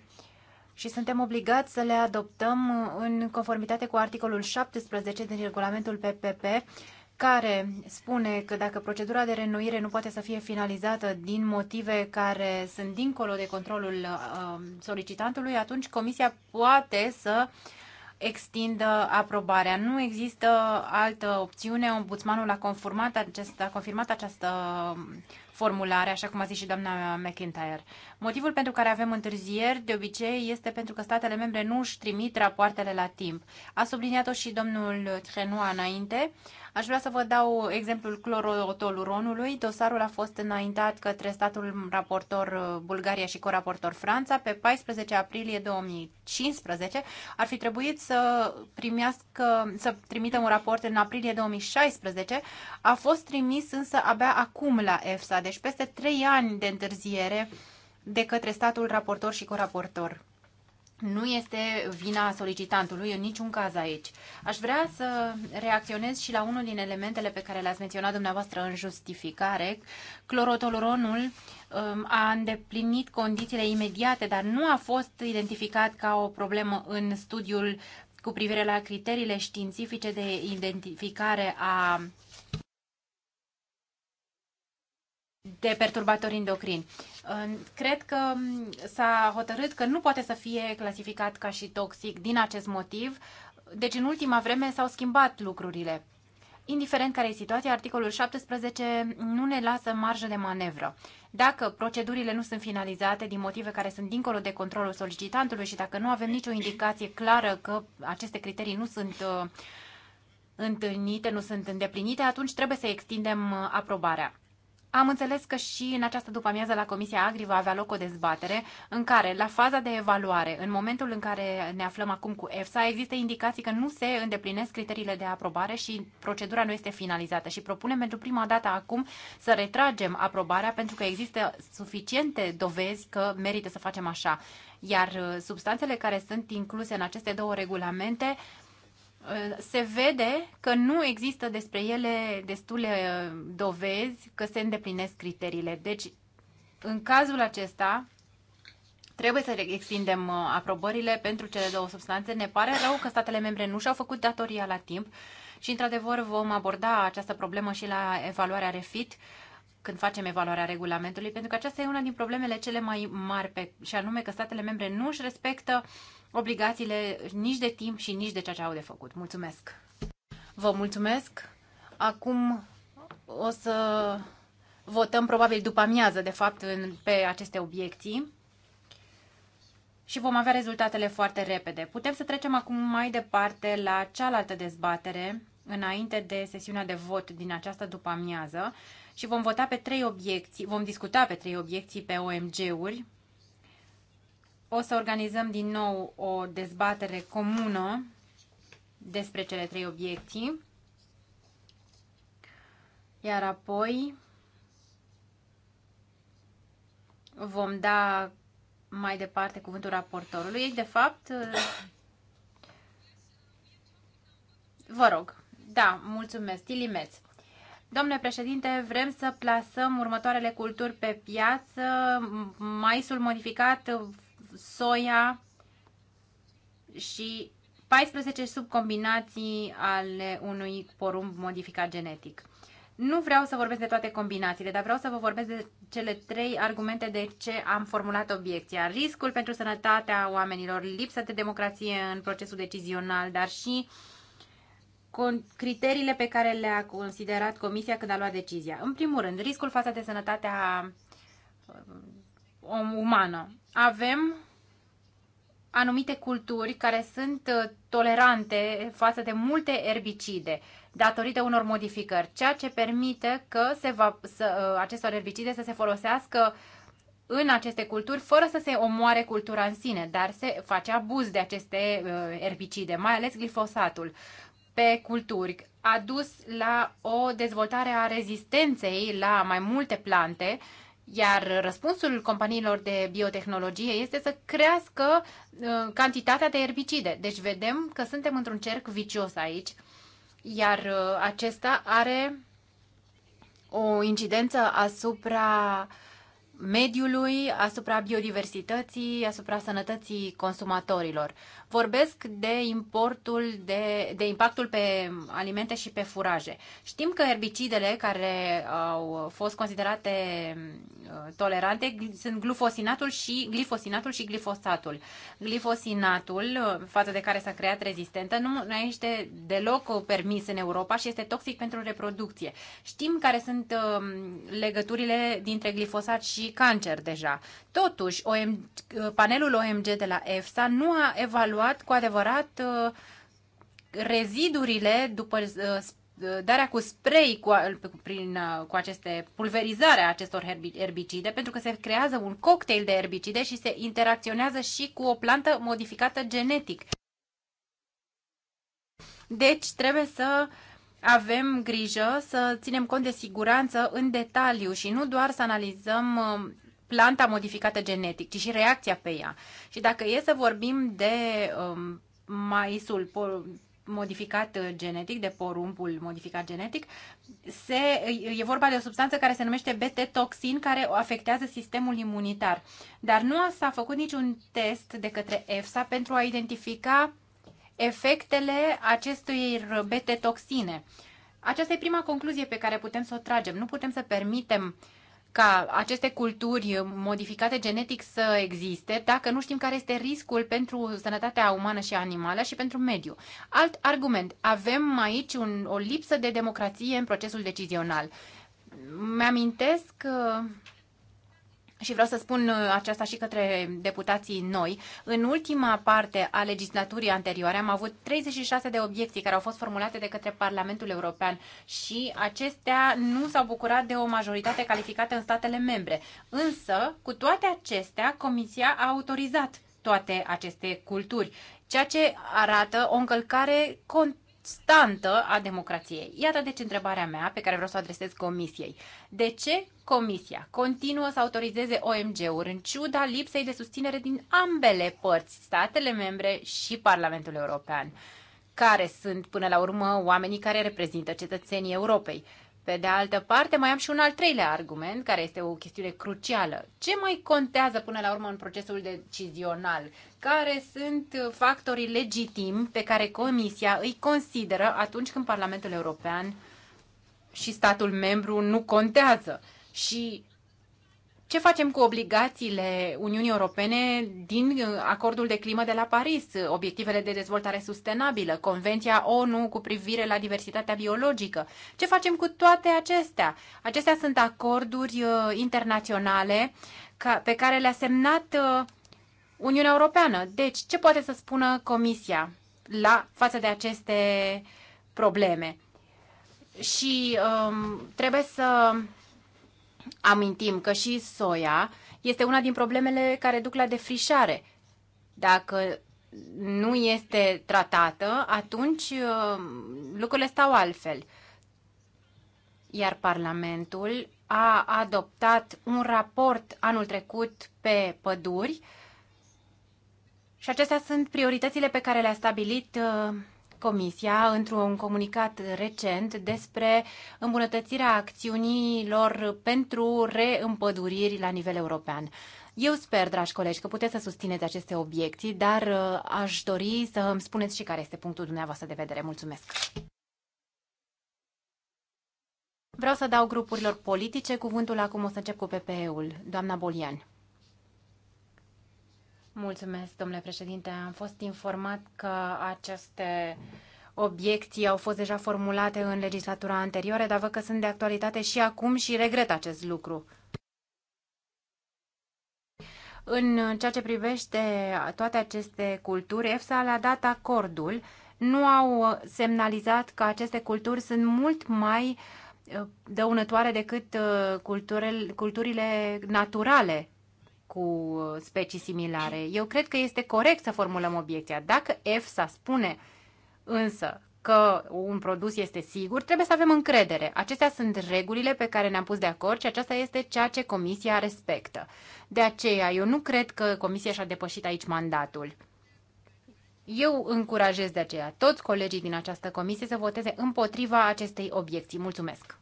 și suntem obligați să le adoptăm în conformitate cu articolul 17 din regulamentul PPP, care spune că dacă procedura de renoire nu poate să fie finalizată din motive care sunt dincolo de controlul uh, solicitantului, atunci comisia poate să extindă aprobarea. Nu există altă opțiune. Ombudsmanul a confirmat, acest, a confirmat această formulare, așa cum a zis și doamna McIntyre. Motivul pentru care avem întârzieri, de obicei, este pentru că statele membre nu își trimit rapoartele la timp. A subliniat-o și domnul Trenua înainte. Aș vrea să vă dau exemplul clorotoluronului. Dosarul a fost înaintat către statul raportor uh, Bulgaria și coraportor Franța pe 14 aprilie 2015. Ar fi trebuit să primească, să trimită un raport în aprilie 2016. A fost trimis însă abia acum la EFSA, deci deci peste trei ani de întârziere de către statul raportor și coraportor. Nu este vina solicitantului în niciun caz aici. Aș vrea să reacționez și la unul din elementele pe care le-ați menționat dumneavoastră în justificare. Clorotoluronul um, a îndeplinit condițiile imediate, dar nu a fost identificat ca o problemă în studiul cu privire la criteriile științifice de identificare a de perturbatori endocrini. Cred că s-a hotărât că nu poate să fie clasificat ca și toxic din acest motiv, deci în ultima vreme s-au schimbat lucrurile. Indiferent care e situația, articolul 17 nu ne lasă marjă de manevră. Dacă procedurile nu sunt finalizate din motive care sunt dincolo de controlul solicitantului și dacă nu avem nicio indicație clară că aceste criterii nu sunt uh, întâlnite, nu sunt îndeplinite, atunci trebuie să extindem uh, aprobarea. Am înțeles că și în această după-amiază la Comisia Agri va avea loc o dezbatere în care, la faza de evaluare, în momentul în care ne aflăm acum cu EFSA, există indicații că nu se îndeplinesc criteriile de aprobare și procedura nu este finalizată și propunem pentru prima dată acum să retragem aprobarea pentru că există suficiente dovezi că merită să facem așa. Iar uh, substanțele care sunt incluse în aceste două regulamente Uh, se vede că nu există despre ele destule uh, dovezi că se îndeplinesc criteriile. Deci, în cazul acesta, trebuie să extindem uh, aprobările pentru cele două substanțe. Ne pare rău că statele membre nu și-au făcut datoria la timp și, într-adevăr, vom aborda această problemă și la evaluarea refit când facem evaluarea regulamentului, pentru că aceasta e una din problemele cele mai mari, pe, și anume că statele membre nu își respectă uh, obligațiile nici de timp și nici de ceea ce au de făcut. Mulțumesc! Vă mulțumesc! Acum o să votăm probabil după amiază, de fapt, în, pe aceste obiecții și vom avea rezultatele foarte repede. Putem să trecem acum mai departe la cealaltă dezbatere, înainte de sesiunea de vot din această după amiază și vom vota pe trei obiecții, vom discuta pe trei obiecții pe OMG-uri, o să organizăm din nou o dezbatere comună despre cele trei obiecții. Iar apoi vom da mai departe cuvântul raportorului. de fapt, vă rog. Da, mulțumesc. Tilimeț. Domnule președinte, vrem să plasăm următoarele culturi pe piață, maisul modificat soia și 14 subcombinații ale unui porumb modificat genetic. Nu vreau să vorbesc de toate combinațiile, dar vreau să vă vorbesc de cele trei argumente de ce am formulat obiecția. Riscul pentru sănătatea oamenilor, lipsa de democrație în procesul decizional, dar și criteriile pe care le-a considerat Comisia când a luat decizia. În primul rând, riscul față de sănătatea umană. Avem anumite culturi care sunt uh, tolerante față de multe erbicide datorită unor modificări, ceea ce permite că se va, să, uh, acestor erbicide să se folosească în aceste culturi fără să se omoare cultura în sine, dar se face abuz de aceste uh, erbicide, mai ales glifosatul pe culturi a dus la o dezvoltare a rezistenței la mai multe plante iar răspunsul companiilor de biotehnologie este să crească uh, cantitatea de erbicide. Deci vedem că suntem într-un cerc vicios aici, iar uh, acesta are o incidență asupra mediului, asupra biodiversității, asupra sănătății consumatorilor. Vorbesc de importul, de, de impactul pe alimente și pe furaje. Știm că herbicidele care au fost considerate uh, tolerante sunt glufosinatul și glifosinatul și glifosatul. Glifosinatul, uh, față de care s-a creat rezistentă, nu este deloc permis în Europa și este toxic pentru reproducție. Știm care sunt um, legăturile dintre glifosat și cancer deja. Totuși, OM, uh, panelul OMG de la EFSA nu a evaluat evaluat cu adevărat uh, rezidurile după uh, darea cu spray cu, prin, uh, cu aceste pulverizarea acestor erbicide, pentru că se creează un cocktail de erbicide și se interacționează și cu o plantă modificată genetic. Deci trebuie să avem grijă să ținem cont de siguranță în detaliu și nu doar să analizăm planta modificată genetic, ci și reacția pe ea. Și dacă e să vorbim de um, maisul modificat uh, genetic, de porumbul modificat genetic, se, e vorba de o substanță care se numește BT-toxin, care afectează sistemul imunitar. Dar nu s-a făcut niciun test de către EFSA pentru a identifica efectele acestui BT-toxine. Aceasta e prima concluzie pe care putem să o tragem. Nu putem să permitem uh, ca aceste culturi modificate genetic să existe dacă nu știm care este riscul pentru sănătatea umană și animală și pentru mediu. Alt argument, avem aici un, o lipsă de democrație în procesul decizional. Mi-amintesc uh, și vreau să spun uh, aceasta și către deputații noi, în ultima parte a legislaturii anterioare am avut 36 de obiecții care au fost formulate de către Parlamentul European și acestea nu s-au bucurat de o majoritate calificată în statele membre. Însă, cu toate acestea, Comisia a autorizat toate aceste culturi, ceea ce arată o încălcare continuă constantă a democrației. Iată deci întrebarea mea pe care vreau să o adresez Comisiei. De ce Comisia continuă să autorizeze OMG-uri în ciuda lipsei de susținere din ambele părți, statele membre și Parlamentul European, care sunt până la urmă oamenii care reprezintă cetățenii Europei? Pe de altă parte, mai am și un al treilea argument, care este o chestiune crucială. Ce mai contează până la urmă în procesul decizional? Care sunt factorii legitimi pe care Comisia îi consideră atunci când Parlamentul European și statul membru nu contează? Și ce facem cu obligațiile Uniunii Europene din uh, acordul de climă de la Paris, obiectivele de dezvoltare sustenabilă, Convenția ONU cu privire la diversitatea biologică? Ce facem cu toate acestea? Acestea sunt acorduri uh, internaționale pe care le-a semnat uh, Uniunea Europeană. Deci, ce poate să spună Comisia la față de aceste probleme? Și um, trebuie să amintim că și soia este una din problemele care duc la defrișare. Dacă nu este tratată, atunci uh, lucrurile stau altfel. Iar Parlamentul a adoptat un raport anul trecut pe păduri și acestea sunt prioritățile pe care le-a stabilit uh, Comisia într-un comunicat recent despre îmbunătățirea acțiunilor pentru reîmpăduriri la nivel european. Eu sper, dragi colegi, că puteți să susțineți aceste obiecții, dar uh, aș dori să îmi spuneți și care este punctul dumneavoastră de vedere. Mulțumesc! Vreau să dau grupurilor politice cuvântul acum o să încep cu PPE-ul. Doamna Bolian. Mulțumesc, domnule președinte. Am fost informat că aceste obiecții au fost deja formulate în legislatura anterioară, dar văd că sunt de actualitate și acum și regret acest lucru. În ceea ce privește toate aceste culturi, EFSA le-a dat acordul. Nu au semnalizat că aceste culturi sunt mult mai uh, dăunătoare decât uh, culturile naturale cu uh, specii similare. Eu cred că este corect să formulăm obiecția. Dacă EFSA spune însă că un produs este sigur, trebuie să avem încredere. Acestea sunt regulile pe care ne-am pus de acord și aceasta este ceea ce Comisia respectă. De aceea, eu nu cred că Comisia și-a depășit aici mandatul. Eu încurajez de aceea toți colegii din această comisie să voteze împotriva acestei obiecții. Mulțumesc!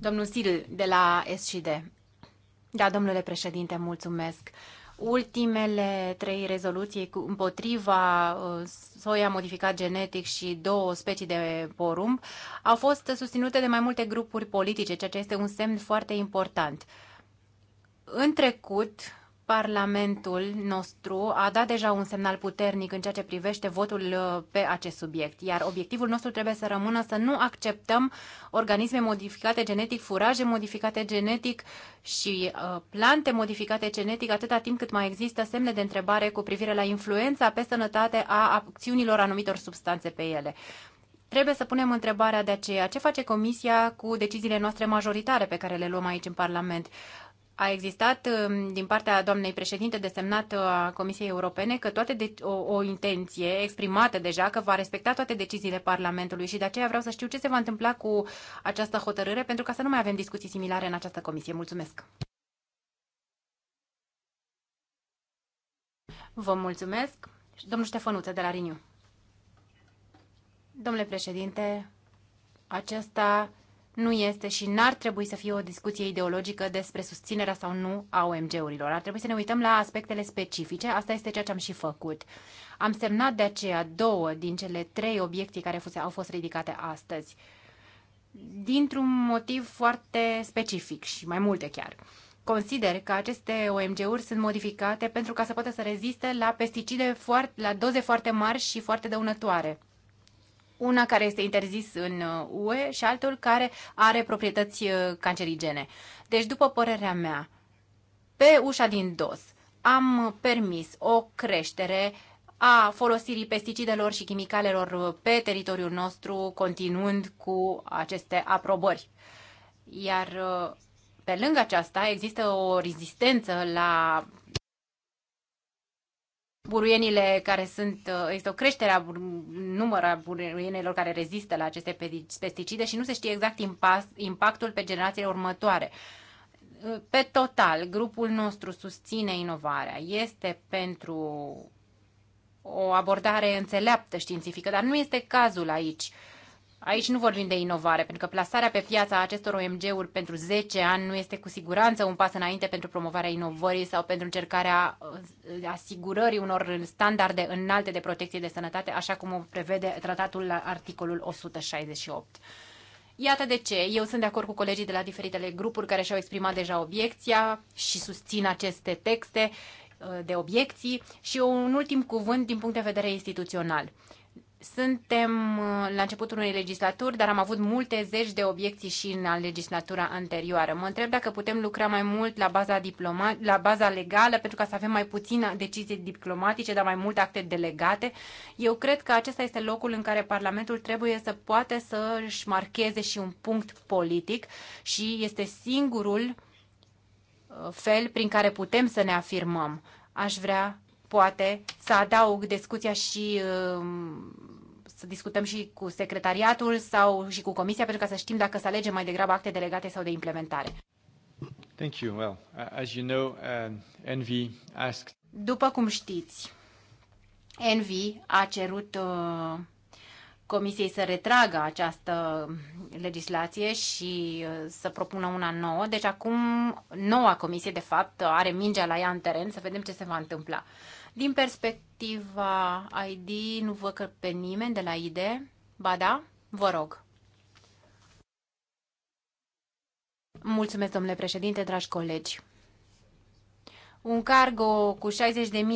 Domnul Sil de la SCD. Da, domnule președinte, mulțumesc. Ultimele trei rezoluții împotriva uh, soia modificat genetic și două specii de porumb au fost susținute de mai multe grupuri politice, ceea ce este un semn foarte important. În trecut, Parlamentul nostru a dat deja un semnal puternic în ceea ce privește votul uh, pe acest subiect, iar obiectivul nostru trebuie să rămână să nu acceptăm organisme modificate genetic, furaje modificate genetic și uh, plante modificate genetic atâta timp cât mai există semne de întrebare cu privire la influența pe sănătate a acțiunilor anumitor substanțe pe ele. Trebuie să punem întrebarea de aceea, ce face Comisia cu deciziile noastre majoritare pe care le luăm aici în Parlament? a existat um, din partea doamnei președinte desemnată a Comisiei Europene că toate de- o, o intenție exprimată deja că va respecta toate deciziile Parlamentului și de aceea vreau să știu ce se va întâmpla cu această hotărâre pentru ca să nu mai avem discuții similare în această comisie. Mulțumesc! Vă mulțumesc! Domnul Ștefănuță de la Riniu. Domnule președinte, aceasta nu este și n-ar trebui să fie o discuție ideologică despre susținerea sau nu a OMG-urilor. Ar trebui să ne uităm la aspectele specifice, asta este ceea ce am și făcut. Am semnat de aceea două din cele trei obiecții care fuse, au fost ridicate astăzi, dintr-un motiv foarte specific și mai multe chiar. Consider că aceste OMG-uri sunt modificate pentru ca să poată să reziste la pesticide foarte, la doze foarte mari și foarte dăunătoare una care este interzis în UE uh, și altul care are proprietăți uh, cancerigene. Deci, după părerea mea, pe ușa din dos am permis o creștere a folosirii pesticidelor și chimicalelor uh, pe teritoriul nostru, continuând cu aceste aprobări. Iar pe lângă aceasta există o rezistență la buruienile care sunt, uh, este o creștere a numărului buruienilor care rezistă la aceste pesticide și nu se știe exact impactul pe generațiile următoare. Uh, pe total, grupul nostru susține inovarea, este pentru o abordare înțeleaptă științifică, dar nu este cazul aici. Uh, Aici nu vorbim de inovare, pentru că plasarea pe piața acestor OMG-uri pentru 10 ani nu este cu siguranță un pas înainte pentru promovarea inovării sau pentru încercarea uh, asigurării unor standarde înalte de protecție de sănătate, așa cum o prevede tratatul la articolul 168. Iată de ce eu sunt de acord cu colegii de la diferitele grupuri care și-au exprimat deja obiecția și susțin aceste texte uh, de obiecții și un ultim cuvânt din punct de vedere instituțional. Suntem uh, la începutul unei legislaturi, dar am avut multe zeci de obiecții și în legislatura anterioară. Mă întreb dacă putem lucra mai mult la baza, diploma, la baza legală, pentru ca să avem mai puțină decizii diplomatice, dar mai multe acte delegate. Eu cred că acesta este locul în care Parlamentul trebuie să poate să își marcheze și un punct politic și este singurul uh, fel prin care putem să ne afirmăm. Aș vrea poate să adaug discuția și um, să discutăm și cu secretariatul sau și cu comisia pentru ca să știm dacă să alegem mai degrabă acte delegate sau de implementare. Thank you. Well, uh, as you know, uh, NV asked... După cum știți, Envi a cerut uh, Comisiei să retragă această legislație și uh, să propună una nouă. Deci acum noua comisie, de fapt, are mingea la ea în teren să vedem ce se va întâmpla. Din perspectiva ID, nu vă că pe nimeni de la ID. Ba da, vă rog. Mulțumesc, domnule președinte, dragi colegi. Un cargo cu 60.000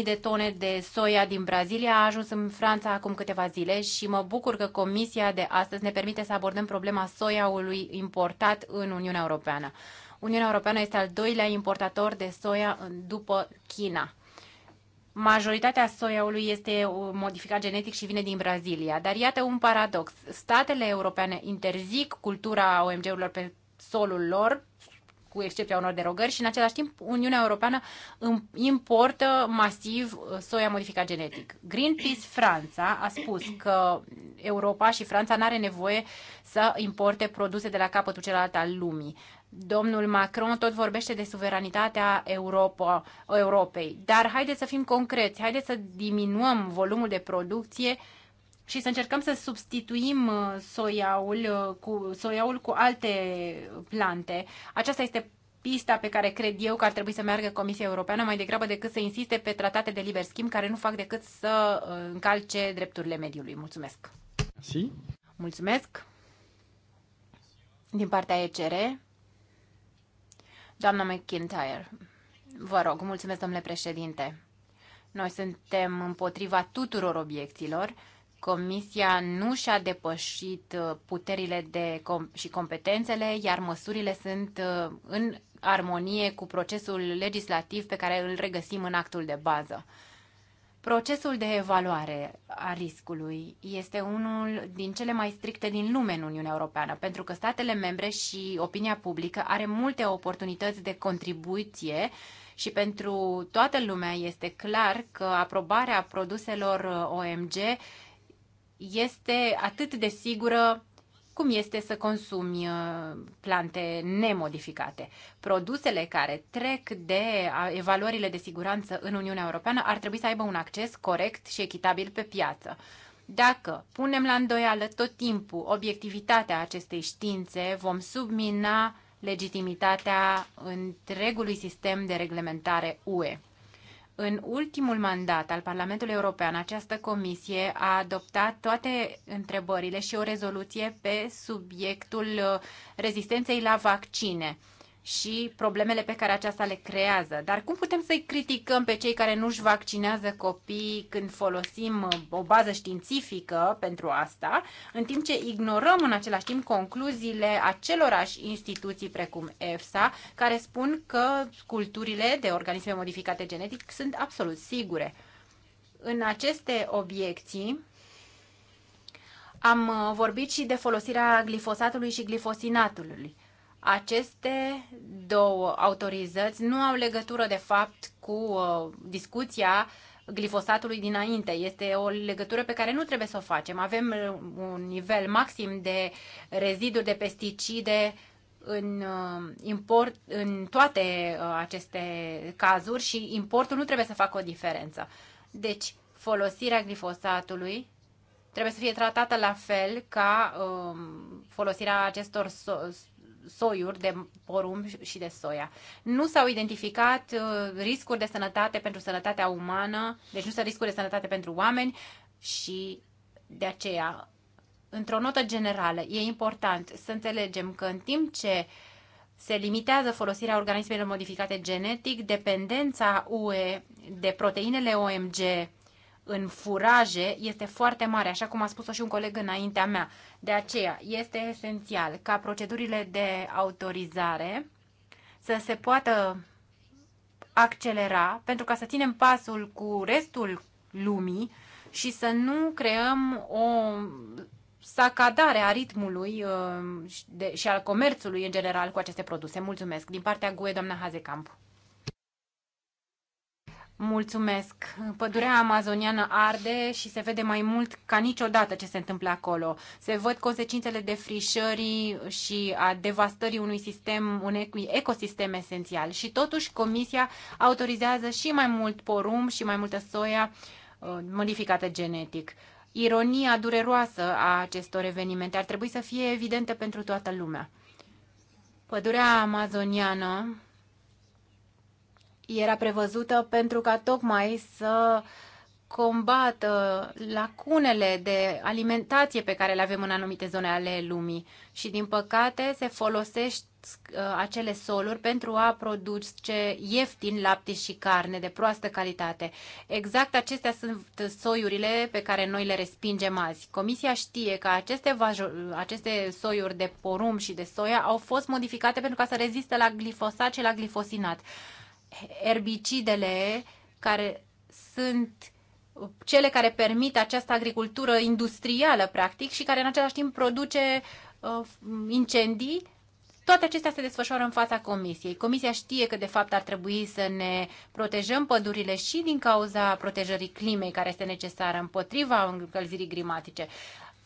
de tone de soia din Brazilia a ajuns în Franța acum câteva zile și mă bucur că comisia de astăzi ne permite să abordăm problema soiaului importat în Uniunea Europeană. Uniunea Europeană este al doilea importator de soia după China majoritatea soiaului este uh, modificat genetic și vine din Brazilia. Dar iată un paradox. Statele europene interzic cultura OMG-urilor pe solul lor, cu excepția unor derogări, și în același timp Uniunea Europeană importă masiv uh, soia modificat genetic. Greenpeace Franța a spus că Europa și Franța nu are nevoie să importe produse de la capătul celălalt al lumii domnul Macron tot vorbește de suveranitatea Europa, Europei. Dar haideți să fim concreți, haideți să diminuăm volumul de producție și să încercăm să substituim uh, soiaul uh, cu, soiaul cu alte plante. Aceasta este pista pe care cred eu că ar trebui să meargă Comisia Europeană mai degrabă decât să insiste pe tratate de liber schimb care nu fac decât să uh, încalce drepturile mediului. Mulțumesc! Si. Mulțumesc! Din partea ECR, Doamna McIntyre, vă rog, mulțumesc, domnule președinte. Noi suntem împotriva tuturor obiecțiilor. Comisia nu și-a depășit uh, puterile de com- și competențele, iar măsurile sunt uh, în armonie cu procesul legislativ pe care îl regăsim în actul de bază. Procesul de evaluare a riscului este unul din cele mai stricte din lume în Uniunea Europeană, pentru că statele membre și opinia publică are multe oportunități de contribuție și pentru toată lumea este clar că aprobarea produselor OMG este atât de sigură cum este să consumi uh, plante nemodificate. Produsele care trec de evaluările de siguranță în Uniunea Europeană ar trebui să aibă un acces corect și echitabil pe piață. Dacă punem la îndoială tot timpul obiectivitatea acestei științe, vom submina legitimitatea întregului sistem de reglementare UE. În ultimul mandat al Parlamentului European, această comisie a adoptat toate întrebările și o rezoluție pe subiectul uh, rezistenței la vaccine și problemele pe care aceasta le creează. Dar cum putem să-i criticăm pe cei care nu-și vaccinează copiii când folosim uh, o bază științifică pentru asta, în timp ce ignorăm în același timp concluziile acelorași instituții precum EFSA, care spun că culturile de organisme modificate genetic sunt absolut sigure. În aceste obiecții, am uh, vorbit și de folosirea glifosatului și glifosinatului aceste două autorizați nu au legătură de fapt cu uh, discuția glifosatului dinainte. Este o legătură pe care nu trebuie să o facem. Avem uh, un nivel maxim de reziduri de pesticide în, uh, import, în toate aceste cazuri și importul nu trebuie să facă o diferență. Deci, folosirea glifosatului trebuie să fie tratată la fel ca uh, folosirea acestor so- soiuri de porumb și de soia. Nu s-au identificat uh, riscuri de sănătate pentru sănătatea umană, deci nu sunt riscuri de sănătate pentru oameni și de aceea, într-o notă generală, e important să înțelegem că în timp ce se limitează folosirea organismelor modificate genetic, dependența UE de proteinele OMG în furaje este foarte mare, așa cum a spus-o și un coleg înaintea mea. De aceea este esențial ca procedurile de autorizare să se poată accelera pentru ca să ținem pasul cu restul lumii și să nu creăm o sacadare a ritmului uh, și al comerțului în general cu aceste produse. Mulțumesc. Din partea GUE, doamna Hazecamp. Mulțumesc. Pădurea amazoniană arde și se vede mai mult ca niciodată ce se întâmplă acolo. Se văd consecințele defrișării și a devastării unui sistem, un ecosistem esențial. Și totuși Comisia autorizează și mai mult porumb și mai multă soia uh, modificată genetic. Ironia dureroasă a acestor evenimente ar trebui să fie evidentă pentru toată lumea. Pădurea amazoniană era prevăzută pentru ca tocmai să combată lacunele de alimentație pe care le avem în anumite zone ale lumii. Și, din păcate, se folosește uh, acele soluri pentru a produce ieftin lapte și carne de proastă calitate. Exact acestea sunt soiurile pe care noi le respingem azi. Comisia știe că aceste, aceste soiuri de porumb și de soia au fost modificate pentru ca să reziste la glifosat și la glifosinat erbicidele care sunt cele care permit această agricultură industrială, practic, și care în același timp produce uh, incendii, toate acestea se desfășoară în fața Comisiei. Comisia știe că, de fapt, ar trebui să ne protejăm pădurile și din cauza protejării climei, care este necesară împotriva încălzirii climatice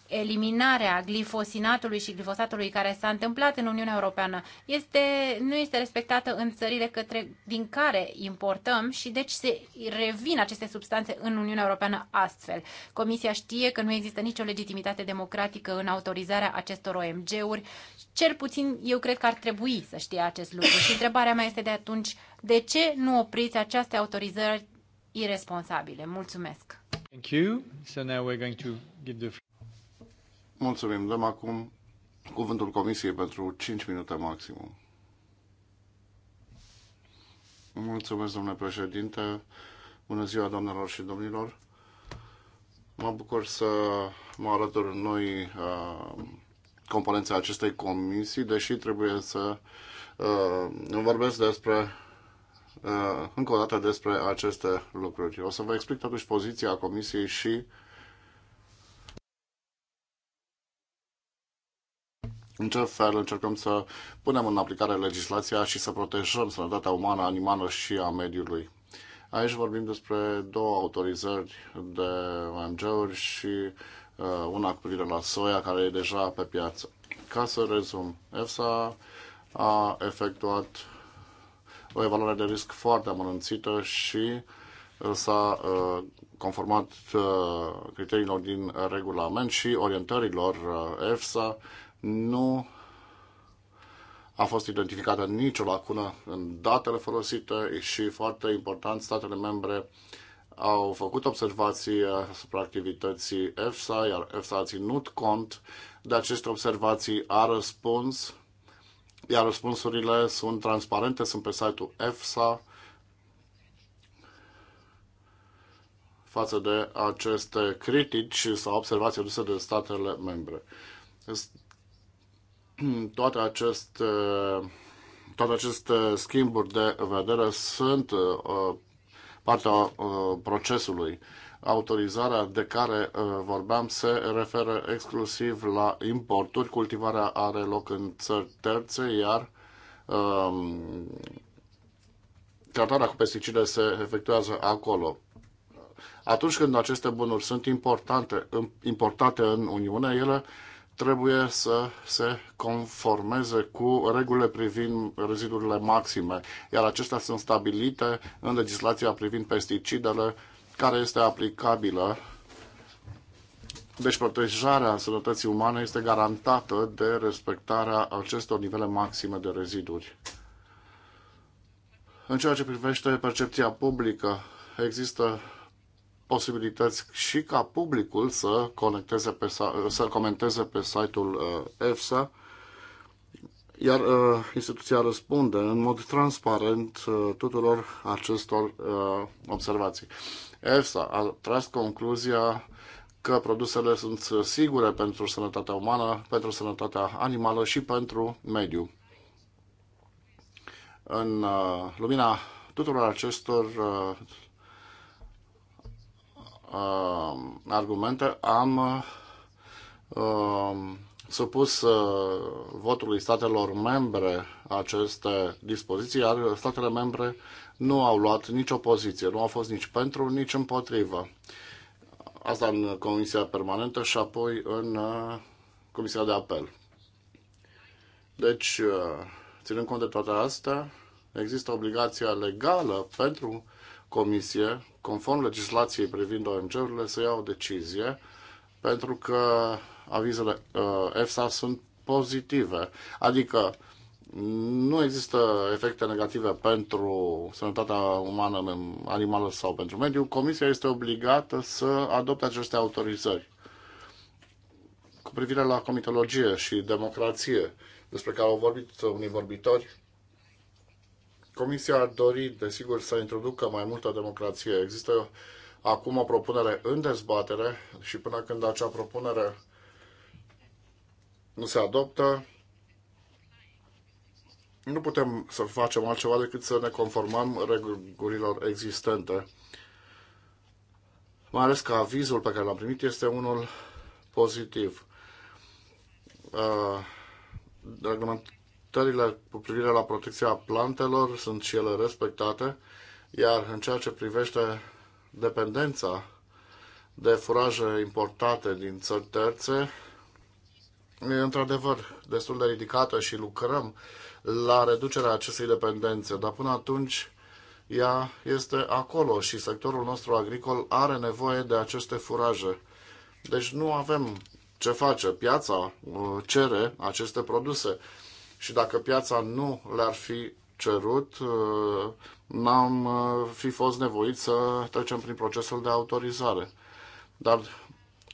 eliminarea glifosinatului și glifosatului care s-a întâmplat în Uniunea Europeană este, nu este respectată în țările către, din care importăm și deci se revin aceste substanțe în Uniunea Europeană astfel. Comisia știe că nu există nicio legitimitate democratică în autorizarea acestor OMG-uri. Cel puțin eu cred că ar trebui să știe acest lucru și întrebarea mea este de atunci de ce nu opriți aceste autorizări irresponsabile? Mulțumesc! Thank you. So now we're going to give the Mulțumim. Dăm acum cuvântul Comisiei pentru 5 minute maximum. Mulțumesc, domnule președinte. Bună ziua, doamnelor și domnilor. Mă bucur să mă alătur noi uh, componența acestei comisii, deși trebuie să uh, vorbesc despre uh, încă o dată despre aceste lucruri. O să vă explic totuși poziția comisiei și uh, în ce fel încercăm să punem în aplicare legislația și să protejăm sănătatea umană, animală și a mediului. Aici vorbim despre două autorizări de OMG-uri și uh, una cu privire la soia care e deja pe piață. Ca să rezum, EFSA a efectuat o evaluare de risc foarte amănânțită și uh, s-a uh, conformat uh, criteriilor din regulament și orientărilor uh, EFSA nu a fost identificată nicio lacună în datele folosite și, foarte important, statele membre au făcut observații asupra activității EFSA, iar EFSA a ținut cont de aceste observații, a răspuns, iar răspunsurile sunt transparente, sunt pe site-ul EFSA față de aceste critici sau observații aduse de statele membre. (clears throat) toate aceste, toate aceste schimburi de vedere sunt uh, partea uh, procesului. Autorizarea de care uh, vorbeam se referă exclusiv la importuri. Cultivarea are loc în țări terțe, iar um, tratarea cu pesticide se efectuează acolo. Atunci când aceste bunuri sunt importante, importate în Uniune, ele uh, trebuie să se conformeze cu regulile privind rezidurile maxime, iar acestea sunt stabilite în legislația privind pesticidele care este aplicabilă. Deci protejarea sănătății umane este garantată de respectarea acestor nivele maxime de reziduri. În ceea ce privește percepția publică, există posibilități și ca publicul să, conecteze pe, să comenteze pe site-ul uh, EFSA, iar uh, instituția răspunde în mod transparent uh, tuturor acestor observații. EFSA a tras concluzia că produsele sunt sigure pentru sănătatea umană, pentru sănătatea animală și pentru mediu. În lumina tuturor acestor uh, argumente, am uh, supus uh, votului statelor membre aceste dispoziții, iar statele membre nu au luat nicio poziție, nu au fost nici pentru, nici împotrivă. Asta în Comisia Permanentă și apoi în uh, Comisia de Apel. Deci, uh, ținând cont de toate astea, există obligația legală pentru Comisie conform legislației privind OMG-urile, să ia o decizie pentru că avizele uh, EFSA sunt pozitive. Adică nu există efecte negative pentru sănătatea umană, animală sau pentru mediu. Comisia este obligată să adopte aceste autorizări. Cu privire la comitologie și democrație, despre care au vorbit unii vorbitori, Comisia ar dori, desigur, să introducă mai multă democrație. Există acum o propunere în dezbatere și până când acea propunere nu se adoptă, nu putem să facem altceva decât să ne conformăm regulilor existente. Mai ales că avizul pe care l-am primit este unul pozitiv. Uh, Solicitările cu privire la protecția plantelor sunt și ele respectate, iar în ceea ce privește dependența de furaje importate din țări terțe, e într-adevăr destul de ridicată și lucrăm la reducerea acestei dependențe, dar până atunci ea este acolo și sectorul nostru agricol are nevoie de aceste furaje. Deci nu avem ce face. Piața uh, cere aceste produse și dacă piața nu le-ar fi cerut, uh, n-am uh, fi fost nevoit să trecem prin procesul de autorizare. Dar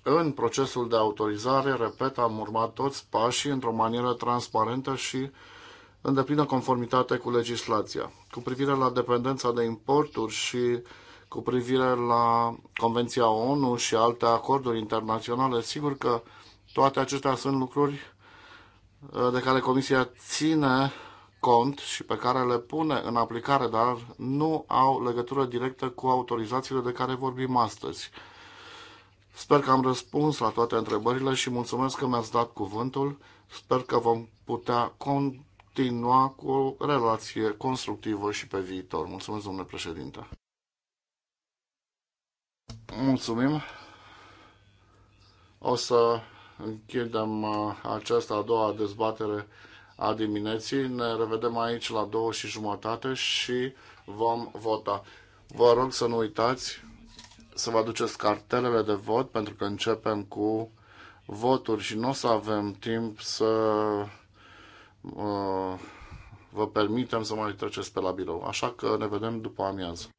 în procesul de autorizare, repet, am urmat toți pașii într-o manieră transparentă și în deplină conformitate cu legislația. Cu privire la dependența de importuri și cu privire la Convenția ONU și alte acorduri internaționale, sigur că toate acestea sunt lucruri de care Comisia ține cont și pe care le pune în aplicare, dar nu au legătură directă cu autorizațiile de care vorbim astăzi. Sper că am răspuns la toate întrebările și mulțumesc că mi-ați dat cuvântul. Sper că vom putea continua cu o relație constructivă și pe viitor. Mulțumesc, domnule președinte. Mulțumim. O să închidem uh, această a doua dezbatere a dimineții. Ne revedem aici la două și jumătate și vom vota. Vă rog să nu uitați să vă aduceți cartelele de vot pentru că începem cu voturi și nu o să avem timp să uh, vă permitem să mai treceți pe la birou. Așa că ne vedem după amiază.